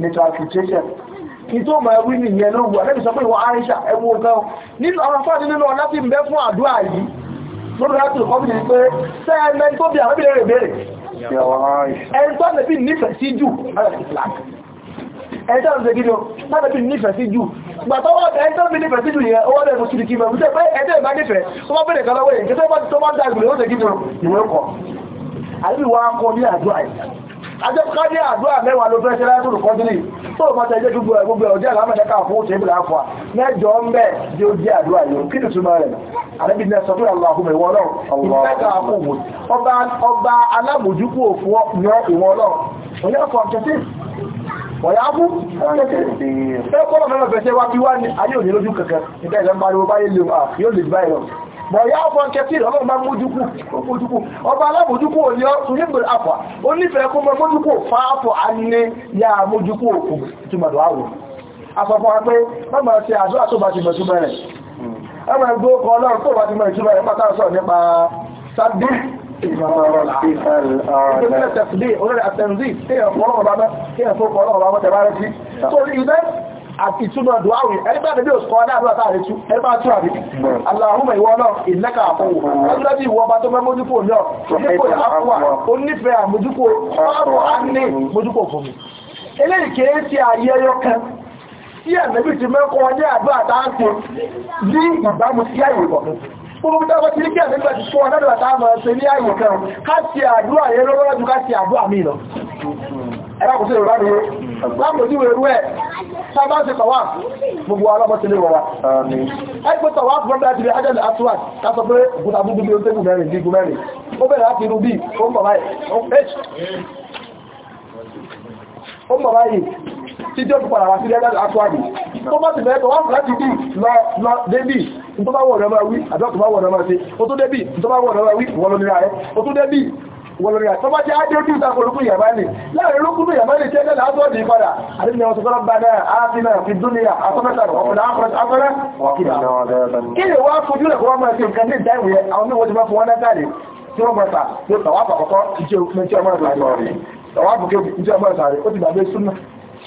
ní transportation kí tó mọ̀ ẹwú ní ìyẹn lóògùn àlẹ́bí sọ pé ìwọ àríṣà ẹwú ọgán nínú àwọn afárá nínú ọ̀nà tí ń bẹ fún àdúrà yìí lórí láti kọ́ bí i pé sẹ́ẹ̀mẹ́ tó bí àwọn ìbéèrè ẹni tó ànàbí nífẹ̀ẹ́ sí jù ẹni tó ànàbí nífẹ̀ẹ́ sí jù gbàtọ́ wọ́n ẹni tó ànàbí nífẹ̀ẹ́ sí jù yẹn owó ẹ̀rọ kìrì kìí mẹ́rin pé ẹni tó ìbá nífẹ̀ẹ́ tó bá bẹ̀rẹ̀ kan lọ́wọ́ yẹn kí tó bá dá ìgbìlẹ̀ ó ajẹ́kọ́dé àdúrà mẹ́wàá ló fẹ́ ṣe láìpùrù kọ́dúnì tó máa tẹ́jẹ́ gbogbo ẹ̀ gbogbo ọjọ́ alámẹ́dẹ́ká fún oṣù ìbìlà àfọ́ mẹ́jọ ń bẹ̀ tí ó jẹ́ àdúrà yìí kí ni túmọ̀ rẹ̀ àdébí ní ẹ̀sọ́ tó yàrá ọkùnrin ìwọ náà ìfẹ́ta àkóhù ọba alábòjúkú òfin yan ìwọ náà òyìn ọkọ̀ ọ̀kẹ́sí ọ̀yá fún ẹgbẹ́ kọ́lọ̀ mẹ́rẹ̀ fẹ́ ṣe wá bọ̀yá ọ̀fọ̀ nkẹtì ọlọ́run bá mójúkú mójúkú ọba alábòjúkú ò ní ọtún nígbò àpà ó nífẹ̀ẹ́ kó mọ mójúkú fáàpọ̀ àní ya mójúkú òkú túmọ̀dọ̀ àwò àpapọ̀ pé mọ́mọ́ ti àdó àtúbà ti mẹ̀tú bẹ̀rẹ̀ ẹgbẹ̀ gbó kọ ọlọ́run tó bá ti mẹ̀tú bẹ̀rẹ̀ pátá sọ nípa sábí ìgbẹ̀rẹ̀ tẹ̀sílẹ̀ àti túnmọ̀ dùwáwì ẹgbẹ́ àdébí ó nífẹ̀ẹ́ tí ẹ̀mẹ́bí ti mẹ́kọ́ ọjọ́ àdúrà táàkì ní ìbámu sí àyè kọ̀ọ̀kan gbogbo kí àmì gbàtí fún ọ̀nà ìgbàtà àmà ẹ̀sẹ̀ ní ààyè kan ká ti àdúrà yẹn lọ́wọ́ lájú lọ sábà ṣe tọ̀wá gbogbo alábọ̀ sílé wọ̀ wa. ẹgbẹ́ tọ̀wá fún ọ̀dà àtìlẹ̀ ajẹ́lẹ̀ àtúwà kásọ pé òkúta búdú bí ó tẹ́gù mẹ́rin bí igun mẹ́rin ó bẹ̀rẹ̀ láti inú bí ó ń bọ̀ báyìí ó ń bọ̀ báyìí tí jẹ́ òkú padà wá sí ẹgbẹ́ àtúwà ní tó bá ti bẹ̀rẹ̀ tọ̀wá fún láti bí lọ débì tó bá wọ̀ ọ̀rẹ́ máa wí àdọ́kùn bá wọ̀ ọ̀rẹ́ máa ṣe ó tó débì tó bá wọlọ́rí àtọ́bá jẹ́ ádéójú ìtàkùrùkù yàmánì láàrin rúkúrú yàmánì tí ẹgbẹ́ látọ́dì padà àdínlẹ̀ ọ̀sọ̀ fọ́nà bá náà áfínà fi dúnìyà afẹ́fẹ́ta ọkùnrin afẹ́fẹ́ wọ́kìlá kí ni wá fojú rẹ̀ kọ́wọ́ máa fi nǹkan ní ìdáìwò yẹn àwọn oníwọ̀n ti máa fún wọn náà káàdì tí wọ́n mọ̀ta ló tàwápà kọ́kọ́ ìjẹ́ òkú mẹ́tí ọmọ ìsàrí ó ti gbàgbé súnmọ́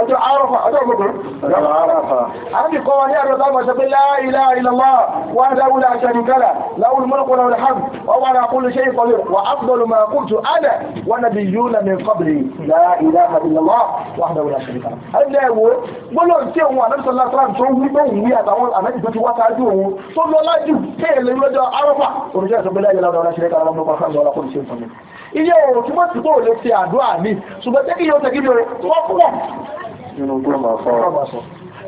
ọjọ́ àrọ́fà ọjọ́ gbogbo àbí kọ́ wa ní àrọ́fà ọmọ ṣẹ́fẹ́ láìlá ìlàmá wà láwùlá ṣẹ̀rìnkálà láwùl mọ́lùkọ́ láwùl hàm ọwọ́ ara kúlù ṣe ìkọlù wà áfùdọ́lù máa kú jù ádà wà nàbí yóò nà min qabli láìlá ìlàmá wà láwùlá ṣẹ̀rìnkálà. ẹgbẹ́ ẹ̀wọ̀ gbọ́dọ̀ tí òun àdáṣọ́ látara tó wí tó wí àtàwọn àmẹ́jì tó ti wá sáájú òòrùn tí wọ́n ti bó lè ṣe àdúrà mi ṣùgbọ́n tẹ́kì yóò tẹ́kì yóò wọ́n pọ̀ nínú tó máa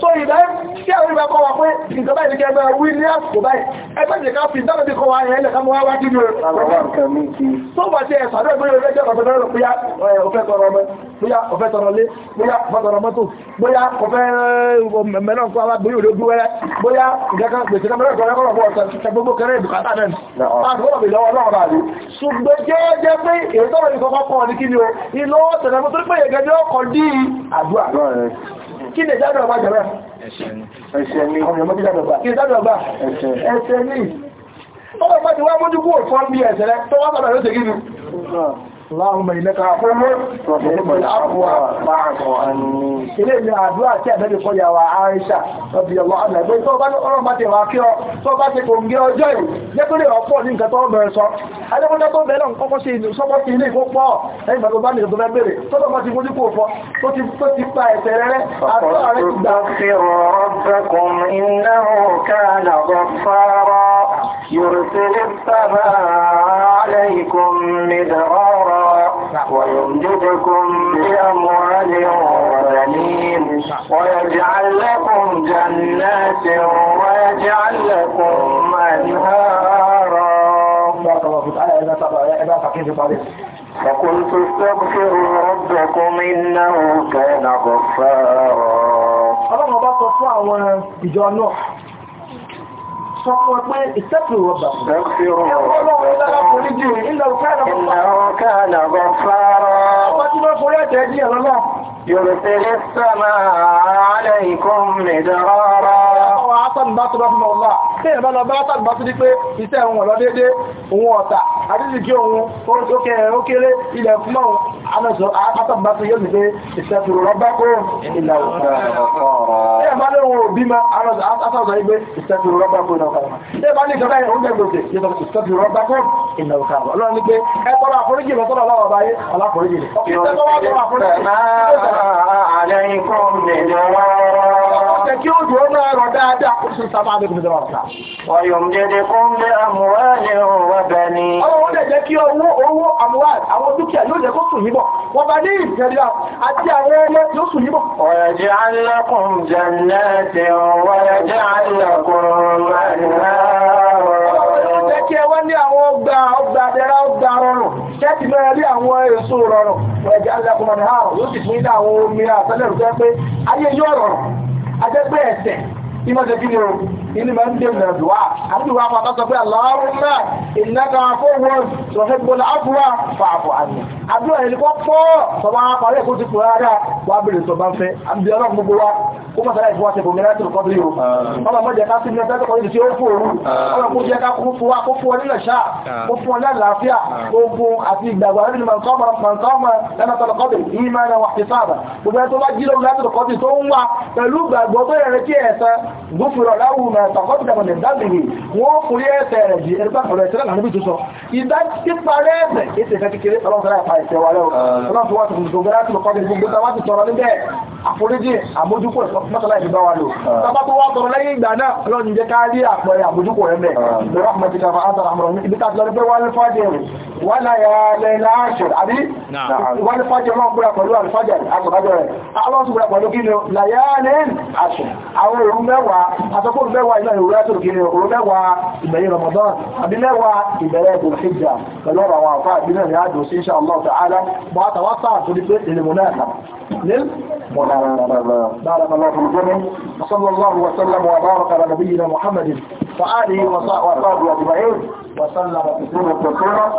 so ìdáyé tí àwọn ìgbà kọ́ wa pé ìjọba ìrìnkẹ́ ẹgbẹ́ wí ní àsìkò báyìí ẹgbẹ́ ìjẹ̀ká fi ìdábẹ̀bí kọ́ wa ẹ̀ẹ́lẹ̀ ká mọ́ wá wájú ní ṣùgbọ́n jẹ́ pé èyí tọ́rọ ìfọ́kọ́ kọ́ ní kí ni o ìlọ́ọ̀tẹ̀lẹ́mọ́ tó pẹ̀yẹ̀ gẹ́gẹ́ ọkọ̀ dí àdúrà kí lè dá dọ̀gbà jọ̀rọ̀ ẹ̀ṣẹ̀ ni ọmọ ìmọ̀ kí dá dọ̀gbà kí dá dọ̀gbà ẹ̀ṣẹ̀ ni ọmọ ìmọ̀ ti wá mójú kúrò fún bí ẹ̀ṣẹ̀ rẹ tó wá padà ló ṣe gígùn اللهم إنك عفو تحب العفو فاعف عني ilé ìlú àdúrà tí àbẹ́bí kọ́ yàwó àáríṣà ọbí ọlọ́ àgbẹ̀gbẹ́ tó bá ọ̀rọ̀ bá ti wà kí ọ tó bá ti kòǹgẹ́ ọjọ́ yìí lẹ́kùnrin ọ̀pọ̀ ní nǹkan tó bẹ̀rẹ̀ sọ adébọ́jọ́ tó bẹ̀rẹ̀ kọ́kọ́ sí ìlú sọ́kọ́ sí ilé ìkópọ̀ ẹ̀yìn bàbá يرسل السماء عليكم مدرارا ويمددكم بأموال وبنين ويجعل لكم جنات ويجعل لكم أنهارا فقلت استغفروا ربكم إنه كان غفارا. Ọlọ́run ọba sọ fún àwọn sọ fún ọ pé ìsẹ́pù rọ̀bà. Yorùbá sọ́mà aláìkún mìdárárá. Àwọn àtàbí bá tó bá fún ọlá. Tí ìrìnbá lọ bá àtàbí bá tó dí pé iṣẹ́ òun ọ̀lọ́ dédé, òun ọ̀tà, àdíjì kí òun, ó kéré ilẹ̀ fún mọ́ àtàbí bá tó yóò dìde ìṣẹ́fù rọ̀bá kó ìlà òkè bá lóun òbí ma àtàwọn ìgbé ìsẹ́fì rọ́bà kó náà kàwọn iná òkà bọ̀. Ọlọ́run ní pé ẹ tọ́lá àforíjì lọ tọ́lá láwọ̀ báyé aláforíjì ni. Ọkùnrin tẹ́lá wá tọ́lá àforíjì. Ọ̀sẹ̀ kí ó dùn ó máa rọ̀ dáadáa kó sì sábà bí kùnú jọba ọ̀sà. Ọyọ̀ mjẹ́dẹ̀ kó ń bẹ àmúwálẹ̀ ọ̀wà bẹ̀ ni. Ọlọ́run lè jẹ́ kí owó owó àmúwálẹ̀ àwọn dúkìá yóò jẹ́ kó sùn yíbọ̀. Wọ́n bá ní ìjẹ́rí àti àwọn ọmọ yóò sùn yíbọ̀. Ọ̀yẹ̀jẹ̀ alákùn jẹ̀ náà tẹ̀ ọ̀wọ́ ẹ̀jẹ̀ alákùn gba ọgbà adẹ́rà ọgbà rọrùn kẹ́ẹ̀tì mẹ́rin rí àwọn èso rọrùn ẹ̀jẹ̀ alẹ́kùnrin àrùn yóò sì tún ní àwọn omi àtẹ́lẹ̀rù jẹ́ pé ayé yóò rọrùn ajẹ́gbẹ́ ẹ̀sẹ̀ iná ṣe kí ni o inú máa ń dé ìrìn àjò wa àti ìwà àpàtà sọ pé Allahumma innaka afuwwun tuhibbul afwa fa'fu anni àdúrà yìí kọ́ pọ́ sọba parí ẹ̀kọ́ ti pọ̀ rárá wàá bèrè sọba ń fẹ́ àbí ọlọ́run gbogbo wa kó mọ̀ sára ìfowópamọ́ ṣẹ̀kọ̀ mìíràn tó kọ́ bí o ọmọ mọ́jẹ ká sí mìíràn tó kọ́ ní ti ó fò rú ọmọ kó jẹ́ ká kó fún wa kó fún ọ nílẹ̀ ṣáà kó gúfúrọ̀ láwùn náà tàkọ́tìdàmọ̀ ní dábìnrin wọ́n fúrí ẹ̀sẹ̀ rẹ̀ jì ẹ̀rùpá ọ̀rọ̀ ẹ̀sẹ̀ náà níbi tó sọ ìdá tí parẹ́ ẹ̀sẹ̀ ètè ìfẹ́ kékeré ọlọ́run sọ́ra ẹ̀fà ẹ̀sẹ̀ wà lẹ́wọ̀ ọlọ́run tó wá tuntun gbogbo láti lọ́kọ́ àforíjì àmójúkò ẹ̀sọ́ mọ́tàlá ìdíbá wa lò ah. tọ́pá tó wá tọrọ lẹ́yìn ìgbà náà ọlọ́run jẹ́ ká rí àpẹẹrẹ àmójúkò rẹ̀ mẹ́ lọ́rọ̀ àmọ́tíkà máa tàrà àmọ́rọ̀ ibi tá ti lọ́rọ̀ pé wọ́n lè fàájẹ̀ rẹ̀ wọ́n láyà lẹ́yìn àṣẹ àbí wọ́n lè fàájẹ̀ ọlọ́run gbúra pẹ̀lú àlùfàájẹ̀ àgbàbájọ́ rẹ̀ ọlọ́run gbúra pẹ̀lú kí ni láyà Ramadan àbí mẹ́wàá ìbẹ̀rẹ̀ ìbòlùfíjà pẹ̀lú ọ̀rọ̀ àwọn àfáà ìbílẹ̀ rẹ̀ àdùn sí Allah ta'ala mọ́ àtàwátà àtúndí pé ìlú mọ́nà بارك الله في الجميع وصلى الله وسلم وبارك على نبينا محمد وآله وصحبه أجمعين وسلم تسليما كثيرا